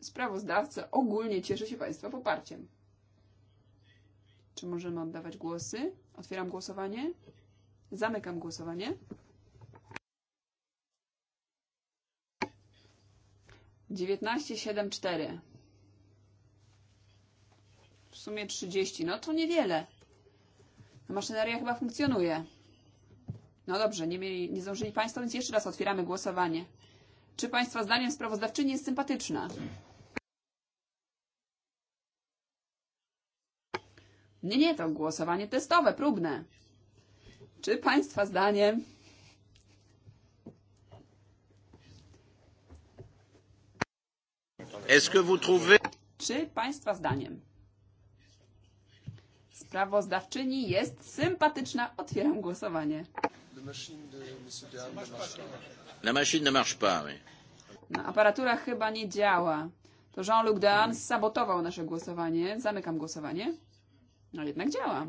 sprawozdawca ogólnie cieszy się Państwa poparciem. Czy możemy oddawać głosy? Otwieram głosowanie. Zamykam głosowanie. Dziewiętnaście, siedem, cztery. W sumie trzydzieści. No to niewiele. No, maszyneria chyba funkcjonuje. No dobrze, nie, mieli, nie zdążyli Państwo, więc jeszcze raz otwieramy głosowanie. Czy Państwa zdaniem sprawozdawczyni jest sympatyczna? Nie, nie, to głosowanie testowe, próbne. Czy Państwa zdaniem Czy Państwa zdaniem sprawozdawczyni jest sympatyczna? Otwieram głosowanie. La machine ne marche pas, No, aparatura chyba nie działa. To Jean-Luc Dehan sabotował nasze głosowanie. Zamykam głosowanie. No jednak działa.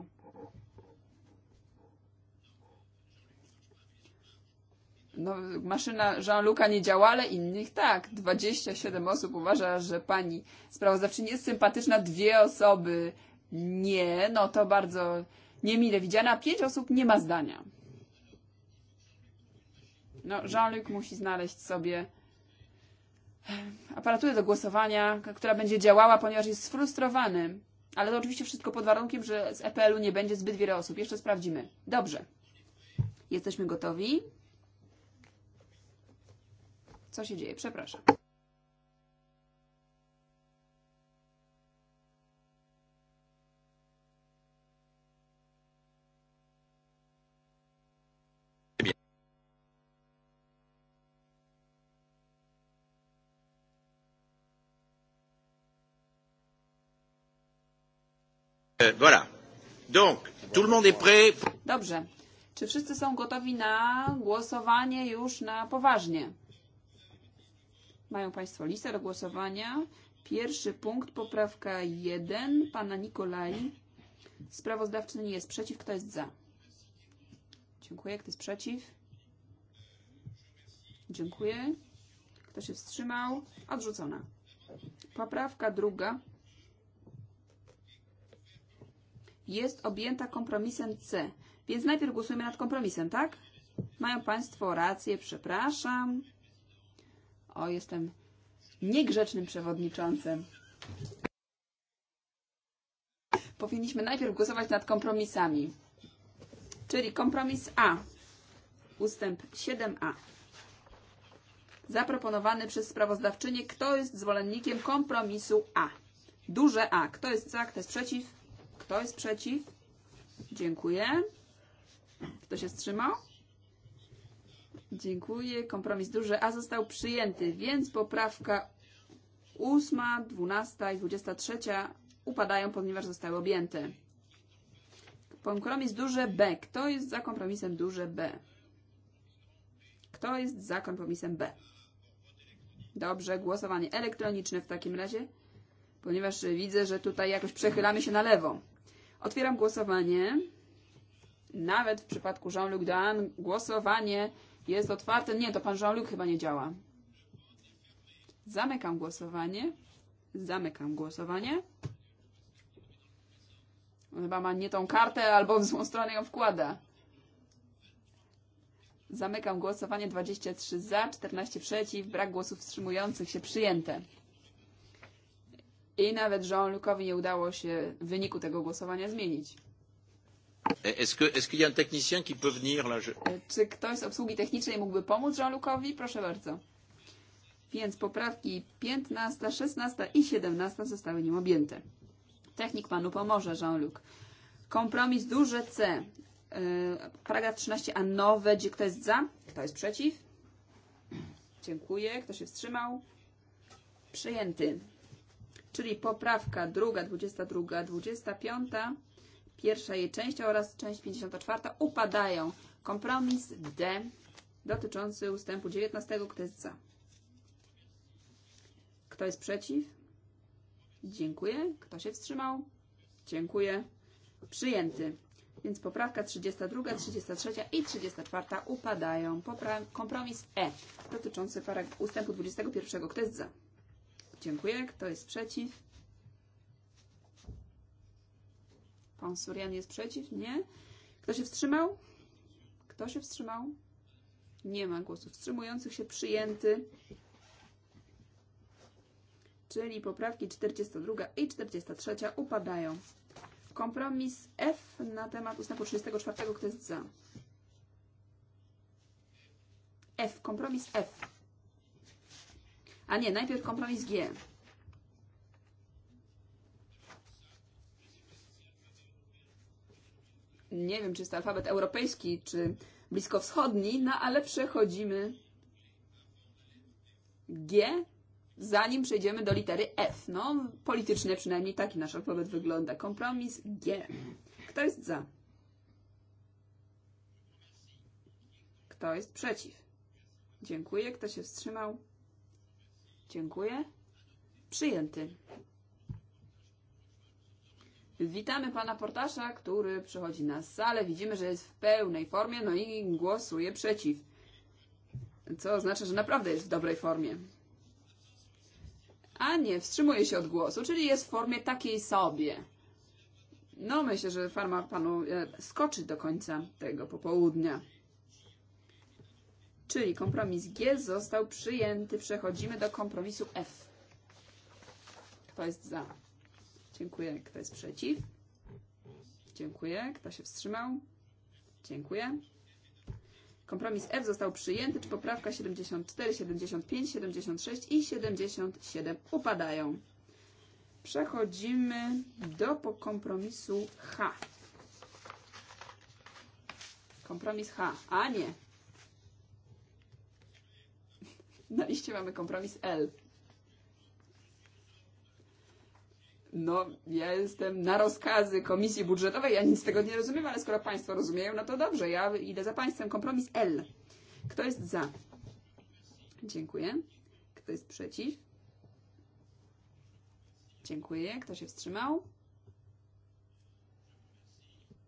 No, maszyna Jean-Luca nie działa, ale innych tak. 27 osób uważa, że pani sprawozdawczyni jest sympatyczna, dwie osoby nie, no to bardzo niemile widziana, pięć osób nie ma zdania. No, Jean-Luc musi znaleźć sobie e, aparaturę do głosowania, która będzie działała, ponieważ jest sfrustrowany ale to oczywiście wszystko pod warunkiem, że z EPL-u nie będzie zbyt wiele osób. Jeszcze sprawdzimy. Dobrze. Jesteśmy gotowi. Co się dzieje? Przepraszam. Euh, Dobrze. Czy wszyscy są gotowi na głosowanie już na poważnie? Mają Państwo listę do głosowania. Pierwszy punkt, poprawka 1 pana Nikolai. Sprawozdawczyni jest przeciw, kto jest za? Dziękuję. Kto jest przeciw? Dziękuję. Kto się wstrzymał? Odrzucona. Poprawka druga jest objęta kompromisem C. Więc najpierw głosujemy nad kompromisem, tak? Mają Państwo rację, przepraszam. O, jestem niegrzecznym przewodniczącym. Powinniśmy najpierw głosować nad kompromisami. Czyli kompromis A, ustęp 7a. Zaproponowany przez sprawozdawczynię, kto jest zwolennikiem kompromisu A. Duże A. Kto jest za, kto jest przeciw? Kto jest przeciw? Dziękuję. Kto się wstrzymał? Dziękuję. Kompromis duży A został przyjęty, więc poprawka 8, 12 i 23 upadają, ponieważ zostały objęte. Kompromis duże B. Kto jest za kompromisem duże B? Kto jest za kompromisem B? Dobrze, głosowanie elektroniczne w takim razie, ponieważ widzę, że tutaj jakoś przechylamy się na lewo. Otwieram głosowanie. Nawet w przypadku Jean-Luc Dan głosowanie jest otwarte. Nie, to pan Jean-Luc chyba nie działa. Zamykam głosowanie. Zamykam głosowanie. Chyba ma nie tą kartę albo w złą stronę ją wkłada. Zamykam głosowanie. 23 za, 14 przeciw, brak głosów wstrzymujących się przyjęte. I nawet Jean-Lucowi nie udało się w wyniku tego głosowania zmienić. E, je... E, czy ktoś z obsługi technicznej mógłby pomóc Jean-Lucowi? Proszę bardzo. Więc poprawki 15, 16 i 17 zostały nim objęte. Technik panu pomoże, Jean-Luc. Kompromis duże C. E, paragraf 13, a nowe, gdzie kto jest za? Kto jest przeciw? Dziękuję. Kto się wstrzymał? Przyjęty czyli poprawka druga, 22, 25, pierwsza jej część oraz część 54 upadają. Kompromis D dotyczący ustępu 19. Kto jest za? Kto jest przeciw? Dziękuję. Kto się wstrzymał? Dziękuję. Przyjęty. Więc poprawka 32, 33 i 34 upadają. Popra kompromis E dotyczący ustępu 21. Kto jest za? Dziękuję. Kto jest przeciw? Pan Surian jest przeciw? Nie. Kto się wstrzymał? Kto się wstrzymał? Nie ma głosów wstrzymujących się. Przyjęty. Czyli poprawki 42 i 43 upadają. Kompromis F na temat ustępu 34. Kto jest za? F. Kompromis F. A nie, najpierw kompromis G. Nie wiem, czy jest to alfabet europejski, czy bliskowschodni, no ale przechodzimy G, zanim przejdziemy do litery F. No, politycznie przynajmniej taki nasz alfabet wygląda. Kompromis G. Kto jest za? Kto jest przeciw? Dziękuję. Kto się wstrzymał? Dziękuję. Przyjęty. Witamy pana Portasza, który przychodzi na salę. Widzimy, że jest w pełnej formie, no i głosuje przeciw. Co oznacza, że naprawdę jest w dobrej formie. A nie, wstrzymuje się od głosu, czyli jest w formie takiej sobie. No myślę, że farma panu e, skoczy do końca tego popołudnia. Czyli kompromis G został przyjęty. Przechodzimy do kompromisu F. Kto jest za? Dziękuję. Kto jest przeciw? Dziękuję. Kto się wstrzymał? Dziękuję. Kompromis F został przyjęty, czy poprawka 74, 75, 76 i 77 upadają. Przechodzimy do kompromisu H. Kompromis H. A nie, na liście mamy kompromis L. No, ja jestem na rozkazy Komisji Budżetowej, ja nic z tego nie rozumiem, ale skoro Państwo rozumieją, no to dobrze, ja idę za Państwem. Kompromis L. Kto jest za? Dziękuję. Kto jest przeciw? Dziękuję. Kto się wstrzymał?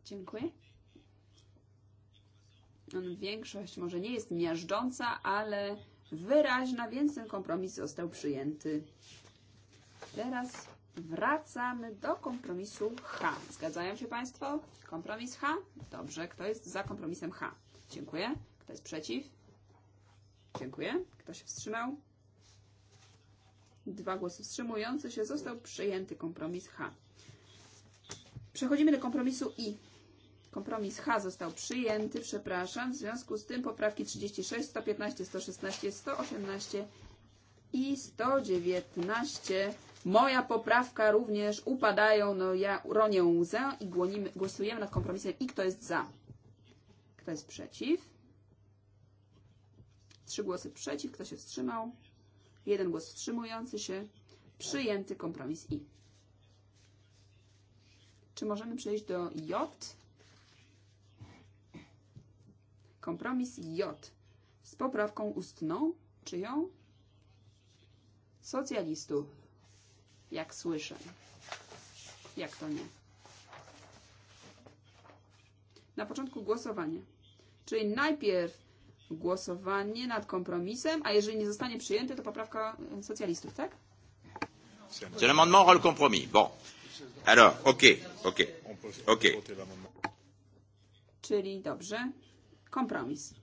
Dziękuję. On większość może nie jest miażdżąca, ale wyraźna, więc ten kompromis został przyjęty. Teraz wracamy do kompromisu H. Zgadzają się Państwo? Kompromis H? Dobrze. Kto jest za kompromisem H? Dziękuję. Kto jest przeciw? Dziękuję. Kto się wstrzymał? Dwa głosy wstrzymujące się. Został przyjęty kompromis H. Przechodzimy do kompromisu I. Kompromis H został przyjęty, przepraszam. W związku z tym poprawki 36, 115, 116, 118 i 119. Moja poprawka również upadają. No ja ronię łzę i głonimy, głosujemy nad kompromisem. I kto jest za? Kto jest przeciw? Trzy głosy przeciw. Kto się wstrzymał? Jeden głos wstrzymujący się. Przyjęty kompromis I. Czy możemy przejść do J? Kompromis J z poprawką ustną, czyją? Socjalistów, jak słyszę. Jak to nie? Na początku głosowanie. Czyli najpierw głosowanie nad kompromisem, a jeżeli nie zostanie przyjęty, to poprawka socjalistów, tak? C'est l'amendement rend le compromis. Bon. Alors, ok, ok, ok. Czyli dobrze. Kompromis.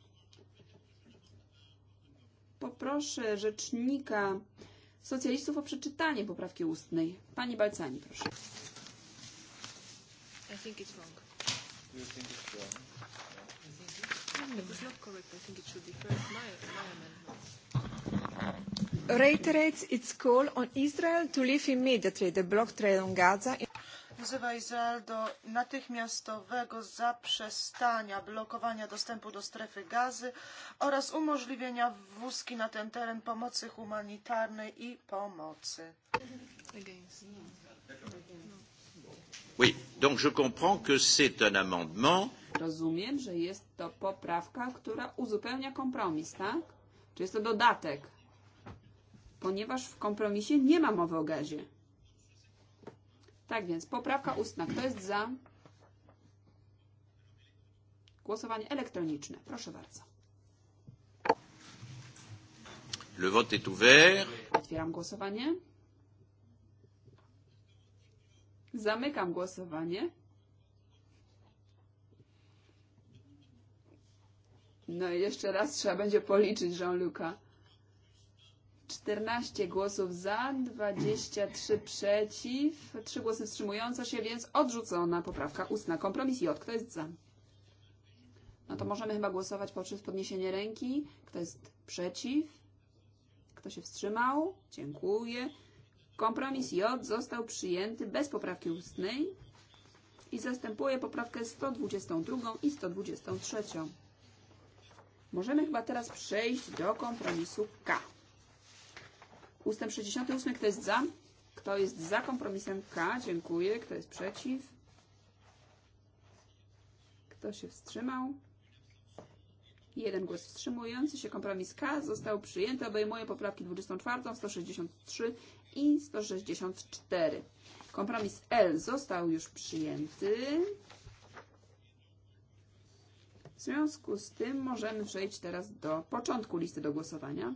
Poproszę rzecznika socjalistów o przeczytanie poprawki ustnej. Pani Balcani, proszę. I think it's wrong. you think it's wrong? Reiterates its call on Israel to leave immediately the blocked trade on Gaza. In wzywa Izrael do natychmiastowego zaprzestania blokowania dostępu do strefy gazy oraz umożliwienia wwózki na ten teren pomocy humanitarnej i pomocy. Oui, donc je comprends que c'est un amendement. Rozumiem, że jest to poprawka, która uzupełnia kompromis, tak? Czy jest to dodatek? Ponieważ w kompromisie nie ma mowy o gazie. Tak więc poprawka ustna. Kto jest za? Głosowanie elektroniczne. Proszę bardzo. Le vote est ouvert. Otwieram głosowanie. Zamykam głosowanie. No i jeszcze raz trzeba będzie policzyć Jean-Luc'a. 14 głosów za, 23 przeciw, 3 głosy wstrzymujące się, więc odrzucona poprawka ustna. Kompromis J. Kto jest za? No to możemy chyba głosować poprzez podniesienie ręki. Kto jest przeciw? Kto się wstrzymał? Dziękuję. Kompromis J został przyjęty bez poprawki ustnej i zastępuje poprawkę 122 i 123. Możemy chyba teraz przejść do kompromisu K. Ustęp 68. Kto jest za? Kto jest za kompromisem K? Dziękuję. Kto jest przeciw? Kto się wstrzymał? Jeden głos wstrzymujący się. Kompromis K został przyjęty. Obejmuje poprawki 24, 163 i 164. Kompromis L został już przyjęty. W związku z tym możemy przejść teraz do początku listy do głosowania.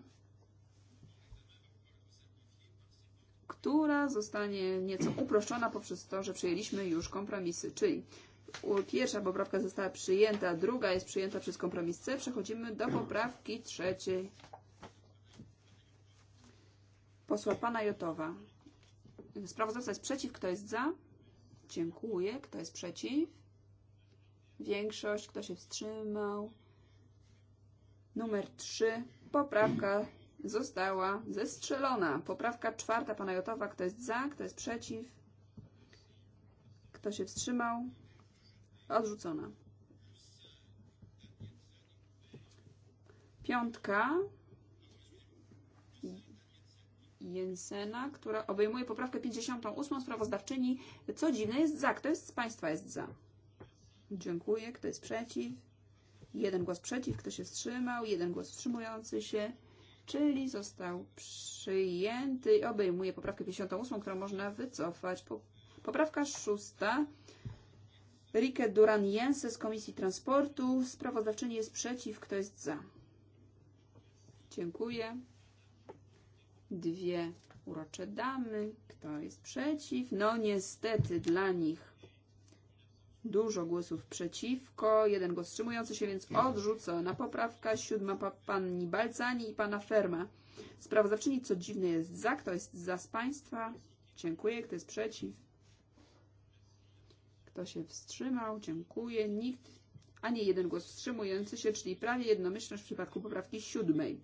która zostanie nieco uproszczona poprzez to, że przyjęliśmy już kompromisy, czyli pierwsza poprawka została przyjęta, druga jest przyjęta przez kompromis C. Przechodzimy do poprawki trzeciej. Posła Pana Jotowa. Sprawozdawca jest przeciw, kto jest za? Dziękuję. Kto jest przeciw? Większość. Kto się wstrzymał? Numer 3. Poprawka została zestrzelona. Poprawka czwarta pana Jotowa. Kto jest za, kto jest przeciw? Kto się wstrzymał? Odrzucona. Piątka Jensena, która obejmuje poprawkę 58 sprawozdawczyni. Co dziwne, jest za. Kto jest z Państwa jest za? Dziękuję. Kto jest przeciw? Jeden głos przeciw. Kto się wstrzymał? Jeden głos wstrzymujący się czyli został przyjęty i obejmuje poprawkę 58, którą można wycofać. Poprawka szósta. Rike Duran Jense z Komisji Transportu. Sprawozdawczyni jest przeciw. Kto jest za? Dziękuję. Dwie urocze damy. Kto jest przeciw? No niestety dla nich Dużo głosów przeciwko, jeden głos wstrzymujący się, więc odrzucona poprawka. Siódma pa, pani Balcani i pana Ferma. Sprawozdawczyni, co dziwne, jest za. Kto jest za z państwa? Dziękuję. Kto jest przeciw? Kto się wstrzymał? Dziękuję. Nikt, ani jeden głos wstrzymujący się, czyli prawie jednomyślność w przypadku poprawki siódmej.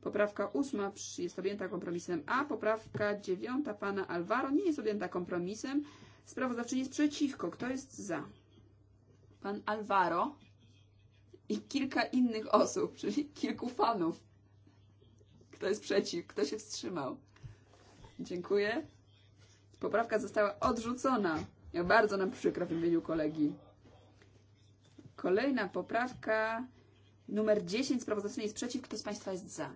Poprawka ósma jest objęta kompromisem A, poprawka dziewiąta pana Alvaro nie jest objęta kompromisem. Sprawozdawczyni jest przeciwko. Kto jest za? pan Alvaro i kilka innych osób, czyli kilku fanów. Kto jest przeciw? Kto się wstrzymał? Dziękuję. Poprawka została odrzucona. Ja bardzo nam przykro w imieniu kolegi. Kolejna poprawka. Numer 10 sprawozdawczyni jest przeciw. Kto z Państwa jest za?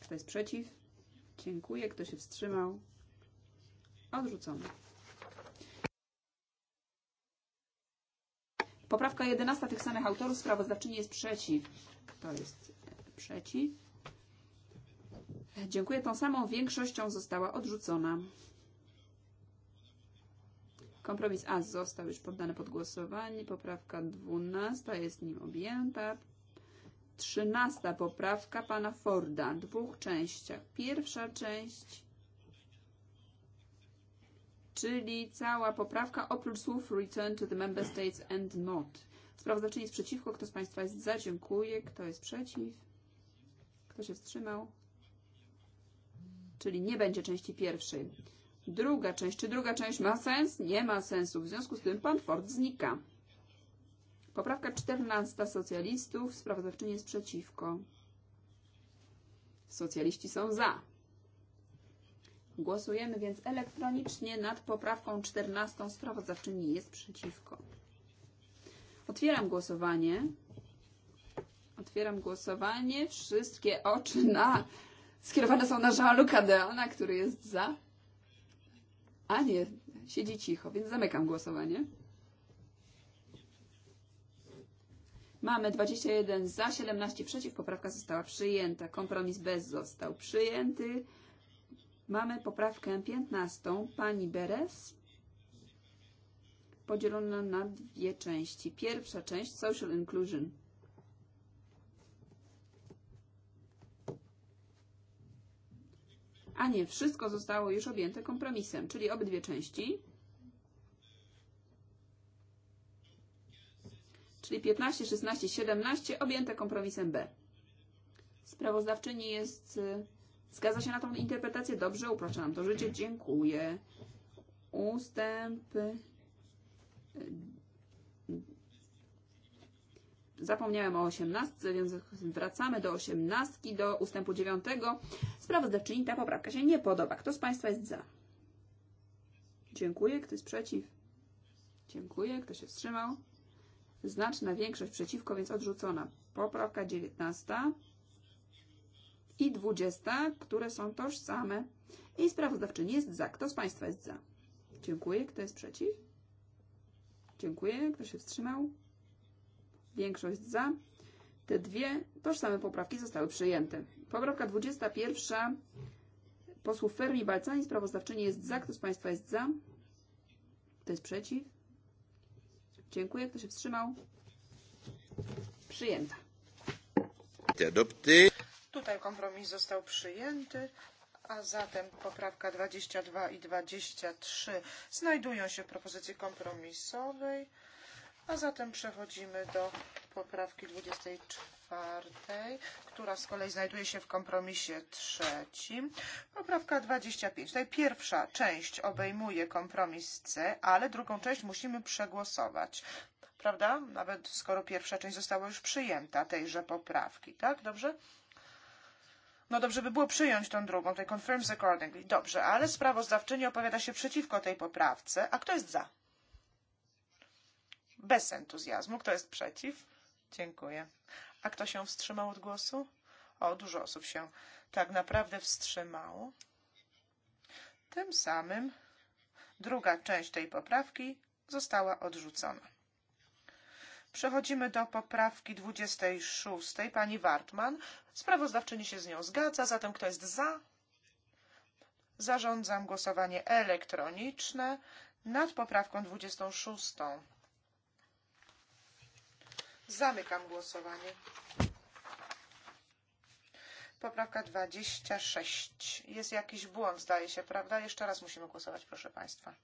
Kto jest przeciw? Dziękuję. Kto się wstrzymał? Odrzucony. Poprawka 11 tych samych autorów, sprawozdawczyni jest przeciw. Kto jest przeciw? Dziękuję, tą samą większością została odrzucona. Kompromis A został już poddany pod głosowanie. Poprawka 12 jest nim objęta. 13 poprawka pana Forda. W Dwóch częściach. Pierwsza część czyli cała poprawka oprócz słów return to the member states and not. Sprawozdawczyni jest przeciwko. Kto z Państwa jest za? Dziękuję. Kto jest przeciw? Kto się wstrzymał? Czyli nie będzie części pierwszej. Druga część. Czy druga część ma sens? Nie ma sensu. W związku z tym pan Ford znika. Poprawka 14 socjalistów. Sprawozdawczyni jest przeciwko. Socjaliści są za. Głosujemy więc elektronicznie nad poprawką 14. Sprawozdawczyni jest przeciwko. Otwieram głosowanie. Otwieram głosowanie. Wszystkie oczy na... skierowane są na Jean-Luca który jest za. A nie, siedzi cicho, więc zamykam głosowanie. Mamy 21 za, 17 przeciw. Poprawka została przyjęta. Kompromis bez został przyjęty. Mamy poprawkę 15, pani Beres, podzielona na dwie części. Pierwsza część, social inclusion. A nie, wszystko zostało już objęte kompromisem, czyli obydwie części. Czyli 15, 16, 17 objęte kompromisem B. Sprawozdawczyni jest Zgadza się na tą interpretację? Dobrze, upraszczam to życie. Dziękuję. Ustęp. Eh, zapomniałem o 18, więc wracamy do 18, do ustępu 9. Sprawozdawczyni ta poprawka się nie podoba. Kto z Państwa jest za? Dziękuję. Kto jest przeciw? Dziękuję. Kto się wstrzymał? Znaczna większość przeciwko, więc odrzucona. Poprawka 19 i 20, które są tożsame. I sprawozdawczyni jest za. Kto z Państwa jest za? Dziękuję. Kto jest przeciw? Dziękuję. Kto się wstrzymał? Większość za. Te dwie tożsame poprawki zostały przyjęte. Poprawka 21 posłów Fermi Balcani. Sprawozdawczyni jest za. Kto z Państwa jest za? Kto jest przeciw? Dziękuję. Kto się wstrzymał? Przyjęta. Adopté. Tutaj kompromis został przyjęty, a zatem poprawka 22 i 23 znajdują się w propozycji kompromisowej, a zatem przechodzimy do poprawki 24, która z kolei znajduje się w kompromisie trzecim. Poprawka 25. Tutaj pierwsza część obejmuje kompromis C, ale drugą część musimy przegłosować prawda? Nawet skoro pierwsza część została już przyjęta tejże poprawki, tak? Dobrze? No dobrze by było przyjąć tą drugą, confirm confirms accordingly. Dobrze, ale sprawozdawczyni opowiada się przeciwko tej poprawce. A kto jest za? Bez entuzjazmu. Kto jest przeciw? Dziękuję. A kto się wstrzymał od głosu? O, dużo osób się tak naprawdę wstrzymało. Tym samym druga część tej poprawki została odrzucona. Przechodzimy do poprawki 26. Pani Wartman. Sprawozdawczyni się z nią zgadza, zatem kto jest za? Zarządzam głosowanie elektroniczne nad poprawką 26. Zamykam głosowanie. Poprawka 26. Jest jakiś błąd, zdaje się, prawda? Jeszcze raz musimy głosować, proszę Państwa.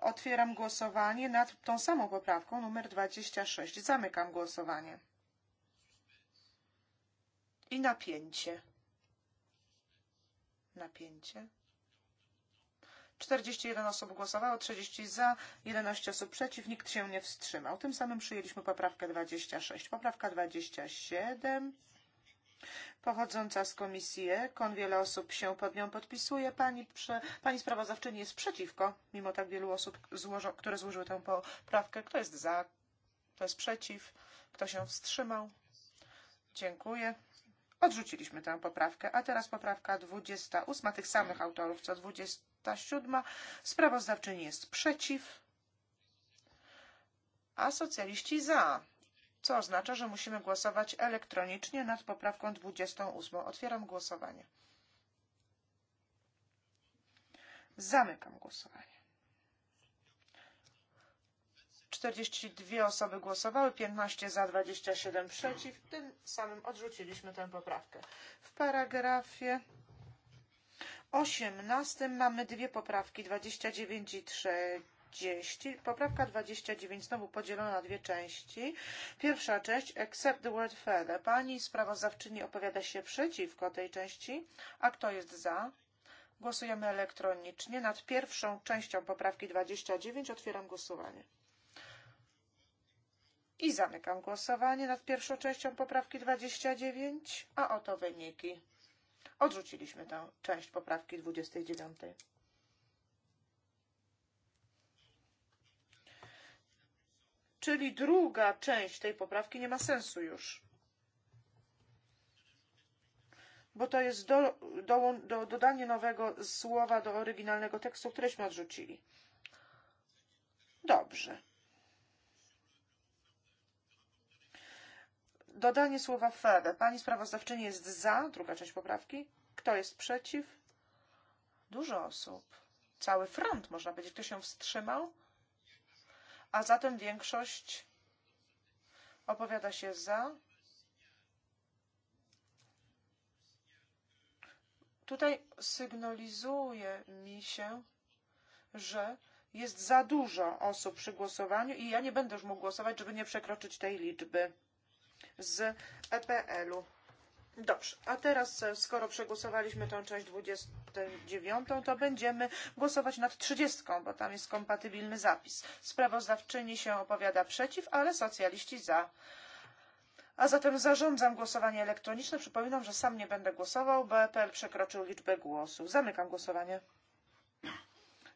Otwieram głosowanie nad tą samą poprawką, numer 26. Zamykam głosowanie. I napięcie. Napięcie. 41 osób głosowało, 30 za, 11 osób przeciw, nikt się nie wstrzymał. Tym samym przyjęliśmy poprawkę 26. Poprawka 27 pochodząca z komisji Ekon. Wiele osób się pod nią podpisuje. Pani, prze, pani sprawozdawczyni jest przeciwko, mimo tak wielu osób, złożo, które złożyły tę poprawkę. Kto jest za? Kto jest przeciw? Kto się wstrzymał? Dziękuję. Odrzuciliśmy tę poprawkę. A teraz poprawka 28 tych samych autorów co 27. Sprawozdawczyni jest przeciw, a socjaliści za co oznacza, że musimy głosować elektronicznie nad poprawką 28. Otwieram głosowanie. Zamykam głosowanie. 42 osoby głosowały, 15 za, 27 przeciw. Tym samym odrzuciliśmy tę poprawkę. W paragrafie 18 mamy dwie poprawki, 29 i 3. 30. Poprawka 29 znowu podzielona na dwie części. Pierwsza część, except the word further. Pani sprawozdawczyni opowiada się przeciwko tej części. A kto jest za? Głosujemy elektronicznie. Nad pierwszą częścią poprawki 29 otwieram głosowanie. I zamykam głosowanie nad pierwszą częścią poprawki 29, a oto wyniki. Odrzuciliśmy tę część poprawki 29. Czyli druga część tej poprawki nie ma sensu już. Bo to jest do, do, do, dodanie nowego słowa do oryginalnego tekstu, któreśmy odrzucili. Dobrze. Dodanie słowa fewe. Pani sprawozdawczyni jest za, druga część poprawki. Kto jest przeciw? Dużo osób. Cały front, można powiedzieć. Kto się wstrzymał? A zatem większość opowiada się za. Tutaj sygnalizuje mi się, że jest za dużo osób przy głosowaniu i ja nie będę już mógł głosować, żeby nie przekroczyć tej liczby z EPL-u. Dobrze, a teraz e, skoro przegłosowaliśmy tą część 29, to będziemy głosować nad 30, bo tam jest kompatybilny zapis. Sprawozdawczyni się opowiada przeciw, ale socjaliści za. A zatem zarządzam głosowanie elektroniczne. Przypominam, że sam nie będę głosował, bo EPL przekroczył liczbę głosów. Zamykam głosowanie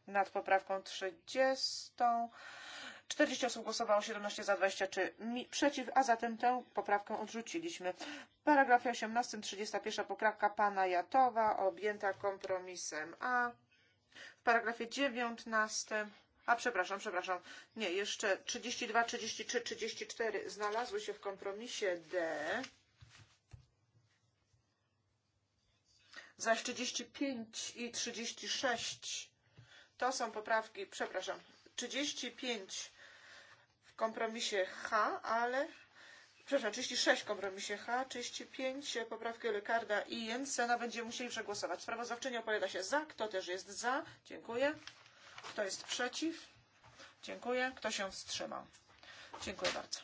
nad poprawką 30. 40 osób głosowało 17 za 23 przeciw, a zatem tę poprawkę odrzuciliśmy. W paragrafie 18 31 poprawka pana Jatowa objęta kompromisem A. W paragrafie 19 a przepraszam, przepraszam. Nie, jeszcze 32, 33, 34 znalazły się w kompromisie D. Zaś 35 i 36 to są poprawki, przepraszam, 35 w kompromisie H, ale przepraszam, 36 kompromisie H, 35 poprawkę Lekarda i Jensena no, będziemy musieli przegłosować. Sprawozdawczyni opowiada się za, kto też jest za, dziękuję. Kto jest przeciw? Dziękuję. Kto się wstrzymał? Dziękuję bardzo.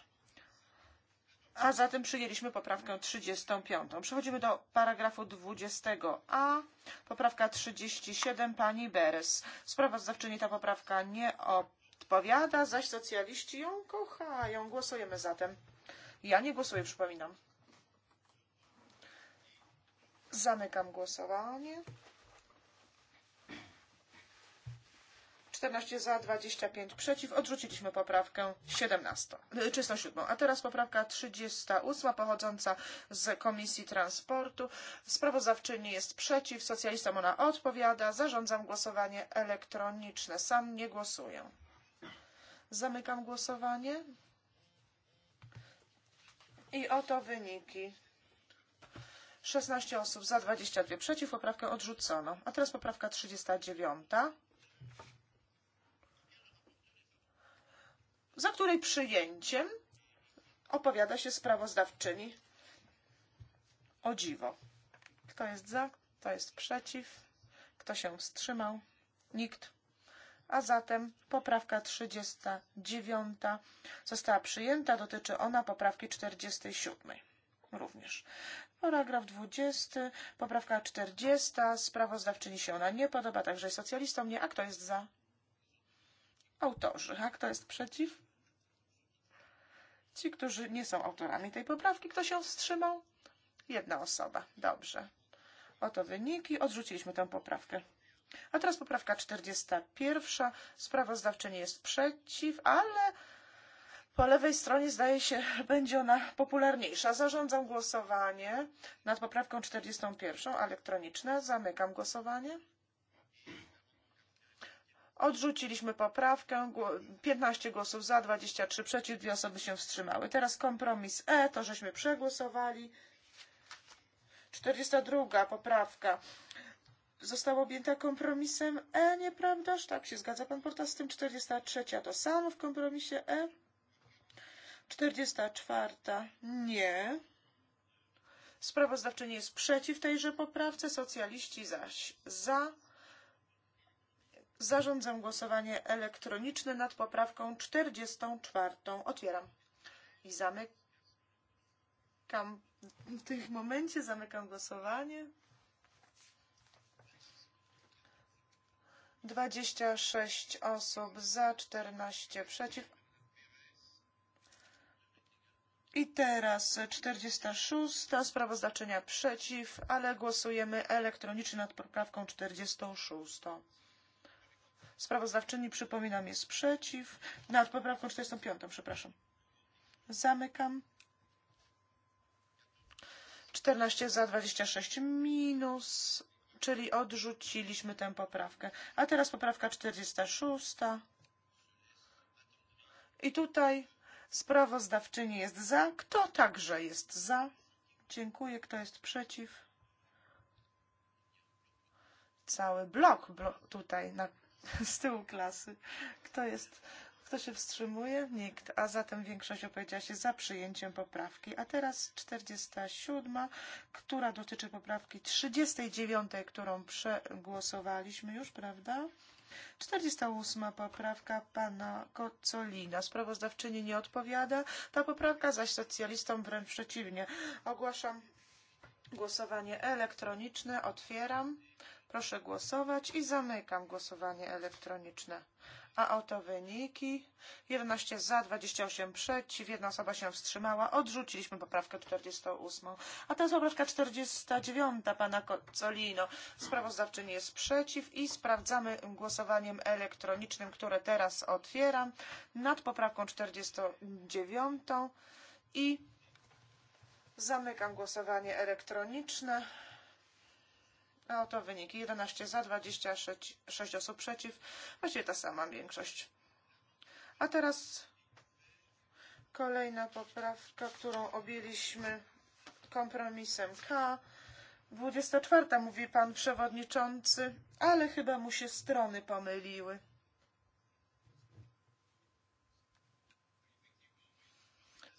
A zatem przyjęliśmy poprawkę 35. Przechodzimy do paragrafu 20a. Poprawka 37 pani Beres. Sprawozdawczyni ta poprawka nie odpowiada, zaś socjaliści ją kochają. Głosujemy zatem. Ja nie głosuję, przypominam. Zamykam głosowanie. 14 za, 25 przeciw. Odrzuciliśmy poprawkę 17, 307. A teraz poprawka 38 pochodząca z Komisji Transportu. Sprawozdawczyni jest przeciw, socjalistom ona odpowiada. Zarządzam głosowanie elektroniczne. Sam nie głosuję. Zamykam głosowanie. I oto wyniki. 16 osób za, 22 przeciw, poprawkę odrzucono. A teraz poprawka 39, za której przyjęciem opowiada się sprawozdawczyni. O dziwo. Kto jest za, kto jest przeciw, kto się wstrzymał, nikt. A zatem poprawka 39 została przyjęta, dotyczy ona poprawki 47 również. Paragraf 20, poprawka 40, sprawozdawczyni się ona nie podoba, także socjalistom nie. A kto jest za? Autorzy. A kto jest przeciw? Ci, którzy nie są autorami tej poprawki. Kto się wstrzymał? Jedna osoba. Dobrze. Oto wyniki. Odrzuciliśmy tę poprawkę. A teraz poprawka 41. Sprawozdawczyni jest przeciw, ale po lewej stronie zdaje się będzie ona popularniejsza. Zarządzam głosowanie nad poprawką 41. Elektroniczne. Zamykam głosowanie. Odrzuciliśmy poprawkę. 15 głosów za, 23 przeciw, dwie osoby się wstrzymały. Teraz kompromis E, to żeśmy przegłosowali. 42 poprawka został objęta kompromisem E, nieprawdaż? Tak, się zgadza pan Porta z tym. 43 to samo w kompromisie E. 44 nie. Sprawozdawczyni jest przeciw tejże poprawce, socjaliści zaś za. Zarządzam głosowanie elektroniczne nad poprawką 44. Otwieram i zamykam. W tym momencie zamykam głosowanie. 26 osób za, 14 przeciw. I teraz 46 sprawozdania przeciw, ale głosujemy elektronicznie nad poprawką 46. Sprawozdawczyni, przypominam, jest przeciw. Nad poprawką 45, przepraszam. Zamykam. 14 za, 26 minus czyli odrzuciliśmy tę poprawkę. A teraz poprawka 46. I tutaj sprawozdawczyni jest za. Kto także jest za? Dziękuję. Kto jest przeciw? Cały blok, blok tutaj na, z tyłu klasy. Kto jest Kto się wstrzymuje? Nikt. A zatem większość opowiedziała się za przyjęciem poprawki. A teraz 47, która dotyczy poprawki 39, którą przegłosowaliśmy już, prawda? 48 poprawka pana Kocolina. Sprawozdawczyni nie odpowiada. Ta poprawka zaś socjalistom wręcz przeciwnie. Ogłaszam głosowanie elektroniczne. Otwieram. Proszę głosować i zamykam głosowanie elektroniczne a oto wyniki. 11 za, 28 przeciw, jedna osoba się wstrzymała. Odrzuciliśmy poprawkę 48. A teraz poprawka 49 pana Cocolino. Sprawozdawczyni jest przeciw i sprawdzamy głosowaniem elektronicznym, które teraz otwieram, nad poprawką 49 i zamykam głosowanie elektroniczne a oto wyniki 11 za, 26 6 osób przeciw, właściwie ta sama większość. A teraz kolejna poprawka, którą objęliśmy kompromisem K. 24 mówi pan przewodniczący, ale chyba mu się strony pomyliły.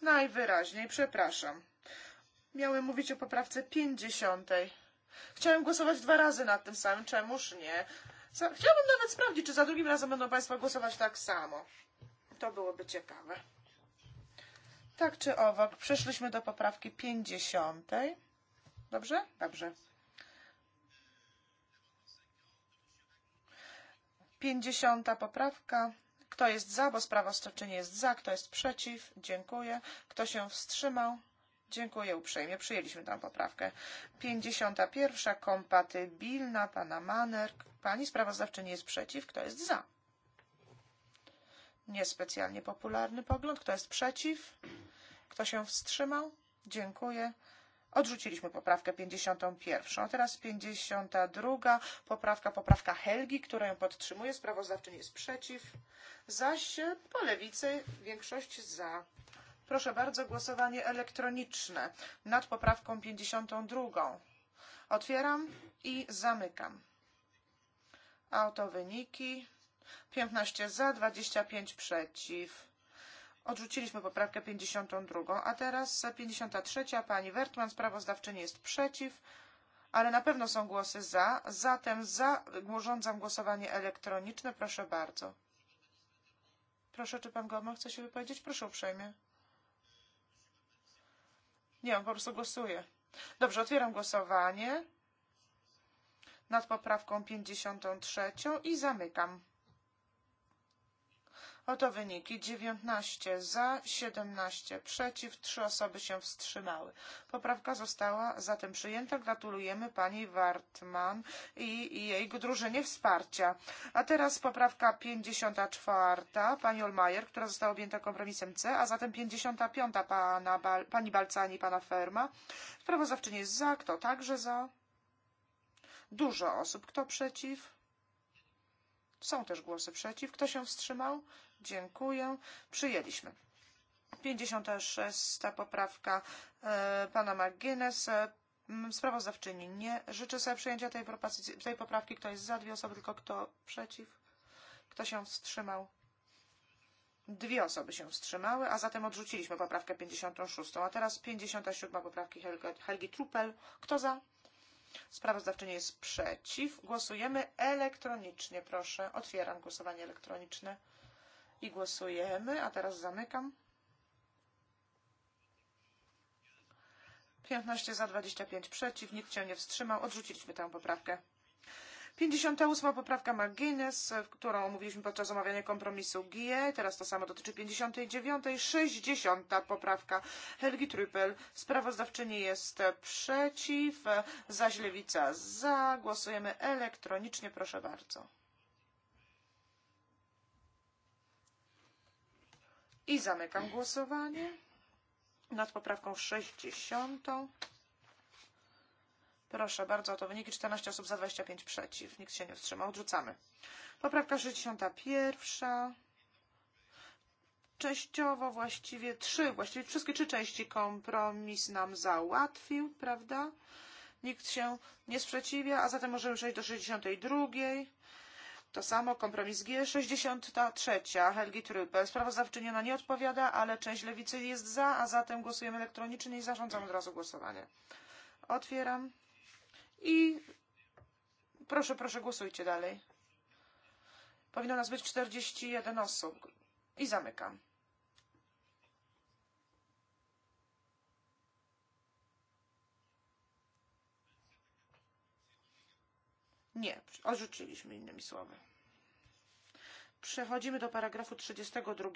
Najwyraźniej, przepraszam. Miałem mówić o poprawce 50. Chciałem głosować dwa razy nad tym samym, czemuż nie? Chciałabym nawet sprawdzić, czy za drugim razem będą Państwo głosować tak samo. To byłoby ciekawe. Tak czy owak, przeszliśmy do poprawki 50. Dobrze? Dobrze. 50. poprawka. Kto jest za, bo sprawozdawczyni jest za, kto jest przeciw? Dziękuję. Kto się wstrzymał? Dziękuję uprzejmie. Przyjęliśmy tę poprawkę. 51. Kompatybilna pana Maner. Pani sprawozdawczyni jest przeciw. Kto jest za? Niespecjalnie popularny pogląd. Kto jest przeciw? Kto się wstrzymał? Dziękuję. Odrzuciliśmy poprawkę 51. Teraz 52. Poprawka, poprawka Helgi, która ją podtrzymuje. Sprawozdawczyni jest przeciw. Zaś po lewicy większość za. Proszę bardzo, głosowanie elektroniczne nad poprawką 52. Otwieram i zamykam. A oto wyniki. 15 za, 25 przeciw. Odrzuciliśmy poprawkę 52. A teraz 53. Pani Wertman, sprawozdawczyni, jest przeciw, ale na pewno są głosy za. Zatem za, urządzam głosowanie elektroniczne. Proszę bardzo. Proszę, czy pan Gomer chce się wypowiedzieć? Proszę uprzejmie. Nie, on po prostu głosuje. Dobrze, otwieram głosowanie nad poprawką 53 i zamykam. Oto to wyniki 19 za, 17 przeciw, 3 osoby się wstrzymały. Poprawka została zatem przyjęta. Gratulujemy pani Wartman i, i jej drużynie wsparcia. A teraz poprawka 54 pani Olmajer, która została objęta kompromisem C, a zatem 55 pana, Bal, pani Balcani pana Ferma. Sprawozdawczyni jest za, kto także za? Dużo osób, kto przeciw? Są też głosy przeciw. Kto się wstrzymał? Dziękuję. Przyjęliśmy. 56. poprawka e, pana McGuinness. E, sprawozdawczyni nie życzy sobie przyjęcia tej, propozycji, tej poprawki. Kto jest za dwie osoby, tylko kto przeciw? Kto się wstrzymał? Dwie osoby się wstrzymały, a zatem odrzuciliśmy poprawkę 56. A teraz 57. poprawki Helgi, Helgi Trupel. Kto za? Sprawozdawczyni jest przeciw. Głosujemy elektronicznie, proszę. Otwieram głosowanie elektroniczne i głosujemy, a teraz zamykam. 15 za 25 przeciw, nikt się nie wstrzymał, odrzuciliśmy tę poprawkę. 58 poprawka McGuinness, którą omówiliśmy podczas omawiania kompromisu GIE. Teraz to samo dotyczy 59. 60 poprawka Helgi Trypel. Sprawozdawczyni jest przeciw, zaś lewica za. Głosujemy elektronicznie, proszę bardzo. I zamykam głosowanie nad poprawką 60. Proszę bardzo, to wyniki 14 osób za 25 przeciw. Nikt się nie wstrzymał. Odrzucamy. Poprawka 61. Częściowo właściwie trzy, właściwie wszystkie trzy części kompromis nam załatwił, prawda? Nikt się nie sprzeciwia, a zatem możemy przejść do 62. To samo kompromis G63 Helgi Sprawozdawczyni Sprawozdawczyniona nie odpowiada, ale część lewicy jest za, a zatem głosujemy elektronicznie i zarządzam od razu głosowanie. Otwieram i proszę, proszę głosujcie dalej. Powinno nas być 41 osób i zamykam. Nie, odrzuciliśmy innymi słowy. Przechodzimy do paragrafu 32,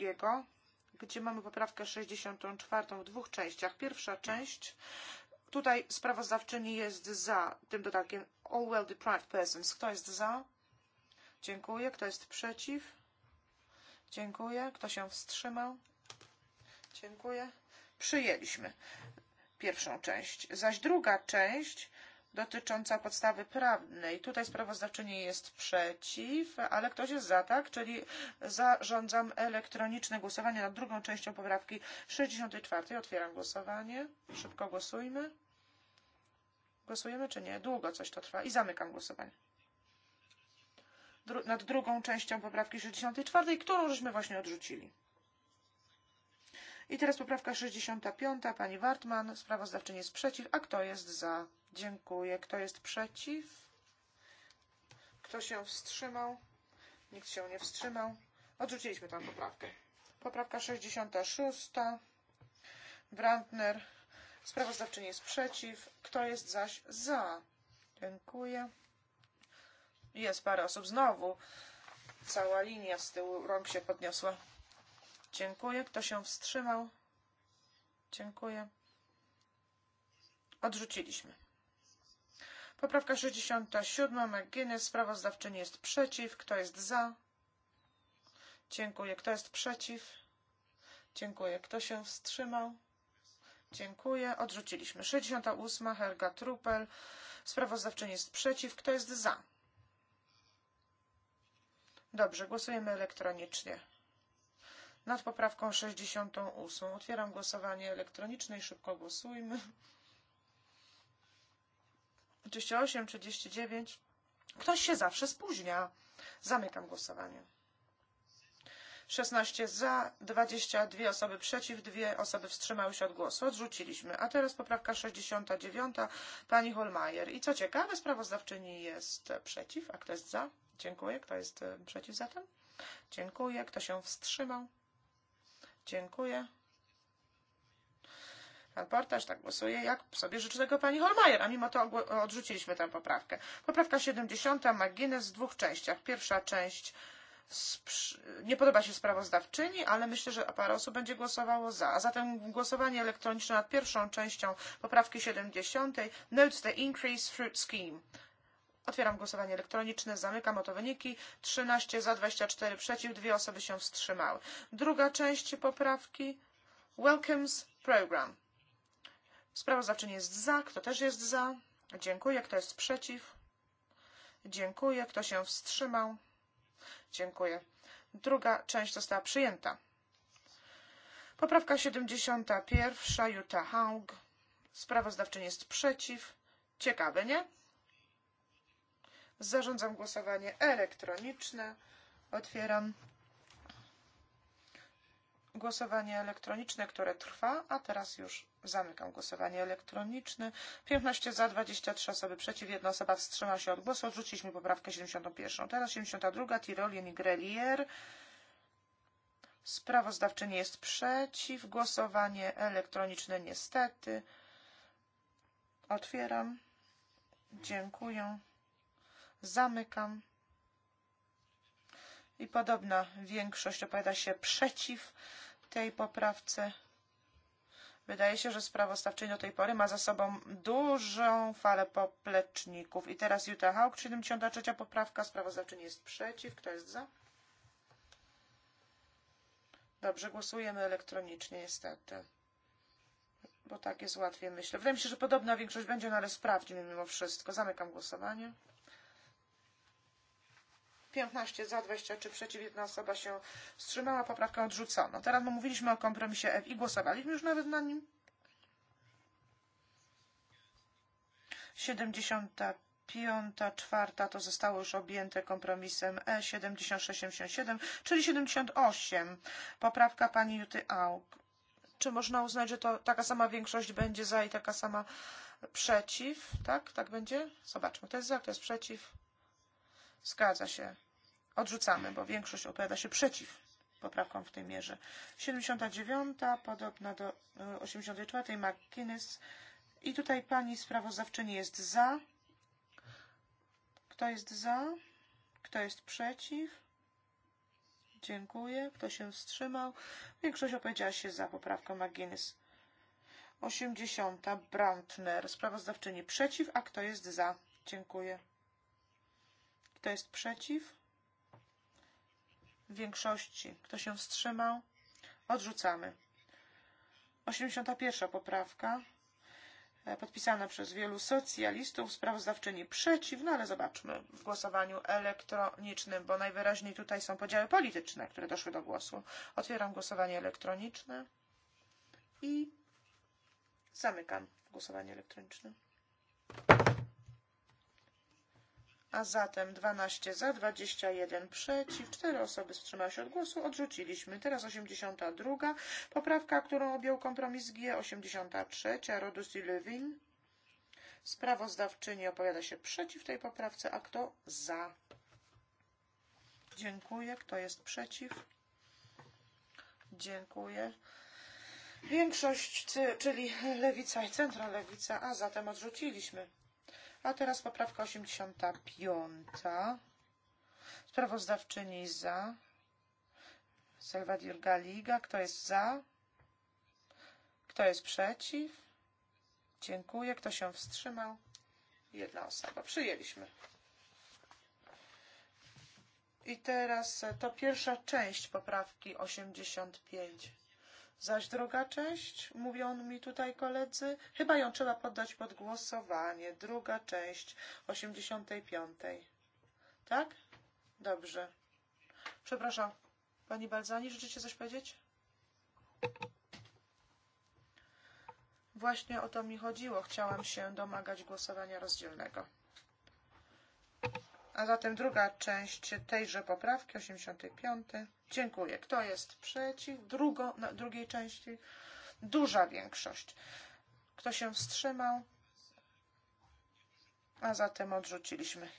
gdzie mamy poprawkę 64 w dwóch częściach. Pierwsza część, tutaj sprawozdawczyni jest za tym dodatkiem All Well Deprived Persons. Kto jest za? Dziękuję. Kto jest przeciw? Dziękuję. Kto się wstrzymał? Dziękuję. Przyjęliśmy pierwszą część. Zaś druga część dotycząca podstawy prawnej. Tutaj sprawozdawczyni jest przeciw, ale ktoś jest za, tak? Czyli zarządzam elektroniczne głosowanie nad drugą częścią poprawki 64. Otwieram głosowanie. Szybko głosujmy. Głosujemy czy nie? Długo coś to trwa. I zamykam głosowanie. Dru nad drugą częścią poprawki 64, którą żeśmy właśnie odrzucili. I teraz poprawka 65. Pani Wartman. Sprawozdawczyni jest przeciw. A kto jest za? Dziękuję. Kto jest przeciw? Kto się wstrzymał? Nikt się nie wstrzymał. Odrzuciliśmy tę poprawkę. Poprawka 66. Brandner. Sprawozdawczyni jest przeciw. Kto jest zaś za? Dziękuję. Jest parę osób znowu. Cała linia z tyłu rąk się podniosła. Dziękuję. Kto się wstrzymał? Dziękuję. Odrzuciliśmy. Poprawka 67. McGuinness. Sprawozdawczyni jest przeciw. Kto jest za? Dziękuję. Kto jest przeciw? Dziękuję. Kto się wstrzymał? Dziękuję. Odrzuciliśmy. 68. Helga Trupel. Sprawozdawczyni jest przeciw. Kto jest za? Dobrze, głosujemy elektronicznie. Nad poprawką 68 otwieram głosowanie elektroniczne i szybko głosujmy. 38, 39. Ktoś się zawsze spóźnia. Zamykam głosowanie. 16 za, 22 osoby przeciw, dwie osoby wstrzymały się od głosu. Odrzuciliśmy. A teraz poprawka 69, pani Holmajer. I co ciekawe, sprawozdawczyni jest przeciw, a kto jest za? Dziękuję. Kto jest e, przeciw zatem? Dziękuję. Kto się wstrzymał? Dziękuję raportaż tak głosuje, jak sobie życzy tego pani Holmajer, a mimo to odrzuciliśmy tę poprawkę. Poprawka 70, McGuinness w dwóch częściach. Pierwsza część nie podoba się sprawozdawczyni, ale myślę, że parę osób będzie głosowało za. A zatem głosowanie elektroniczne nad pierwszą częścią poprawki 70. Notes the increase fruit scheme. Otwieram głosowanie elektroniczne, zamykam oto wyniki. 13 za, 24 przeciw, dwie osoby się wstrzymały. Druga część poprawki Welcomes Program. Sprawozdawczyni jest za. Kto też jest za? Dziękuję. Kto jest przeciw? Dziękuję. Kto się wstrzymał? Dziękuję. Druga część została przyjęta. Poprawka 71. Jutta Haug. Sprawozdawczyni jest przeciw. Ciekawe, nie? Zarządzam głosowanie elektroniczne. Otwieram głosowanie elektroniczne, które trwa, a teraz już Zamykam głosowanie elektroniczne. 15 za, 23 osoby przeciw, jedna osoba wstrzymała się od głosu. Odrzuciliśmy poprawkę 71. Teraz 72. Tirolien i Grelier. Sprawozdawczyni jest przeciw. Głosowanie elektroniczne niestety. Otwieram. Dziękuję. Zamykam. I podobna większość opowiada się przeciw tej poprawce. Wydaje się, że sprawozdawczyni do tej pory ma za sobą dużą falę popleczników. I teraz Utah Hawk, 73. poprawka. Sprawozdawczyni jest przeciw. Kto jest za? Dobrze, głosujemy elektronicznie niestety. Bo tak jest łatwiej, myślę. Wydaje mi się, że podobna większość będzie, no ale sprawdźmy mimo wszystko. Zamykam głosowanie. 15 za, 23 przeciw, jedna osoba się wstrzymała, poprawkę odrzucono. Teraz no, no mówiliśmy o kompromisie F i głosowaliśmy już nawet na nim. 75, 4. to zostało już objęte kompromisem E, 76, 77, czyli 78. Poprawka pani Juty Auk. Czy można uznać, że to taka sama większość będzie za i taka sama przeciw? Tak? Tak będzie? Zobaczmy. To jest za, to jest przeciw? Zgadza się odrzucamy, bo większość opowiada się przeciw poprawkom w tej mierze. 79, podobna do 84, e, McKinnis. I tutaj pani sprawozdawczyni jest za. Kto jest za? Kto jest przeciw? Dziękuję. Kto się wstrzymał? Większość opowiedziała się za poprawką McGuinness. 80. Brandner. Sprawozdawczyni przeciw, a kto jest za? Dziękuję. Kto jest przeciw? większości. Kto się wstrzymał? Odrzucamy. 81. poprawka e, podpisana przez wielu socjalistów, sprawozdawczyni przeciw, no ale zobaczmy w głosowaniu elektronicznym, bo najwyraźniej tutaj są podziały polityczne, które doszły do głosu. Otwieram głosowanie elektroniczne i zamykam głosowanie elektroniczne a zatem 12 za, 21 przeciw, 4 osoby wstrzymały się od głosu, odrzuciliśmy. Teraz 82. Poprawka, którą objął kompromis G, 83. Rodus i Lewin. Sprawozdawczyni opowiada się przeciw tej poprawce, a kto za? Dziękuję. Kto jest przeciw? Dziękuję. Większość, czyli lewica i centrolewica, a zatem odrzuciliśmy. A teraz poprawka 85. Sprawozdawczyni za. Salvador Galiga. Kto jest za? Kto jest przeciw? Dziękuję. Kto się wstrzymał? Jedna osoba. Przyjęliśmy. I teraz to pierwsza część poprawki 85. Zaś druga część, mówią mi tutaj koledzy, chyba ją trzeba poddać pod głosowanie. Druga część 85. Tak? Dobrze. Przepraszam, pani Balzani, życzycie coś powiedzieć? Właśnie o to mi chodziło. Chciałam się domagać głosowania rozdzielnego. A zatem druga część tejże poprawki, 85. Dziękuję. Kto jest przeciw? Drugo, na drugiej części duża większość. Kto się wstrzymał? A zatem odrzuciliśmy.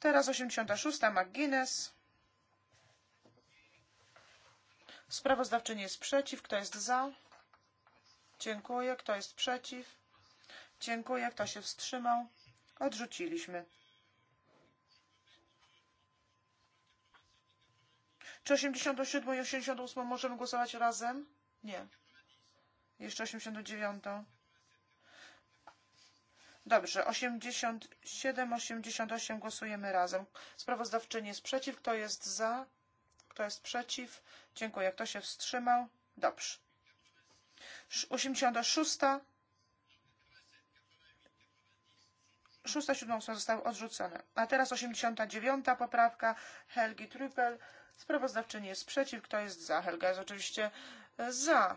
Teraz 86. McGuinness. Sprawozdawczyni jest przeciw. Kto jest za? Dziękuję. Kto jest przeciw? Dziękuję. Kto się wstrzymał? Odrzuciliśmy. Czy 87 i 88 możemy głosować razem? Nie. Jeszcze 89. Dobrze, 87, 88 głosujemy razem. Sprawozdawczyni jest przeciw. Kto jest za? Kto jest przeciw? Dziękuję. Kto się wstrzymał? Dobrze. 86. 6, 7 8 zostały odrzucone. A teraz 89. poprawka Helgi Trüppel. Sprawozdawczyni jest przeciw. Kto jest za? Helga jest oczywiście za.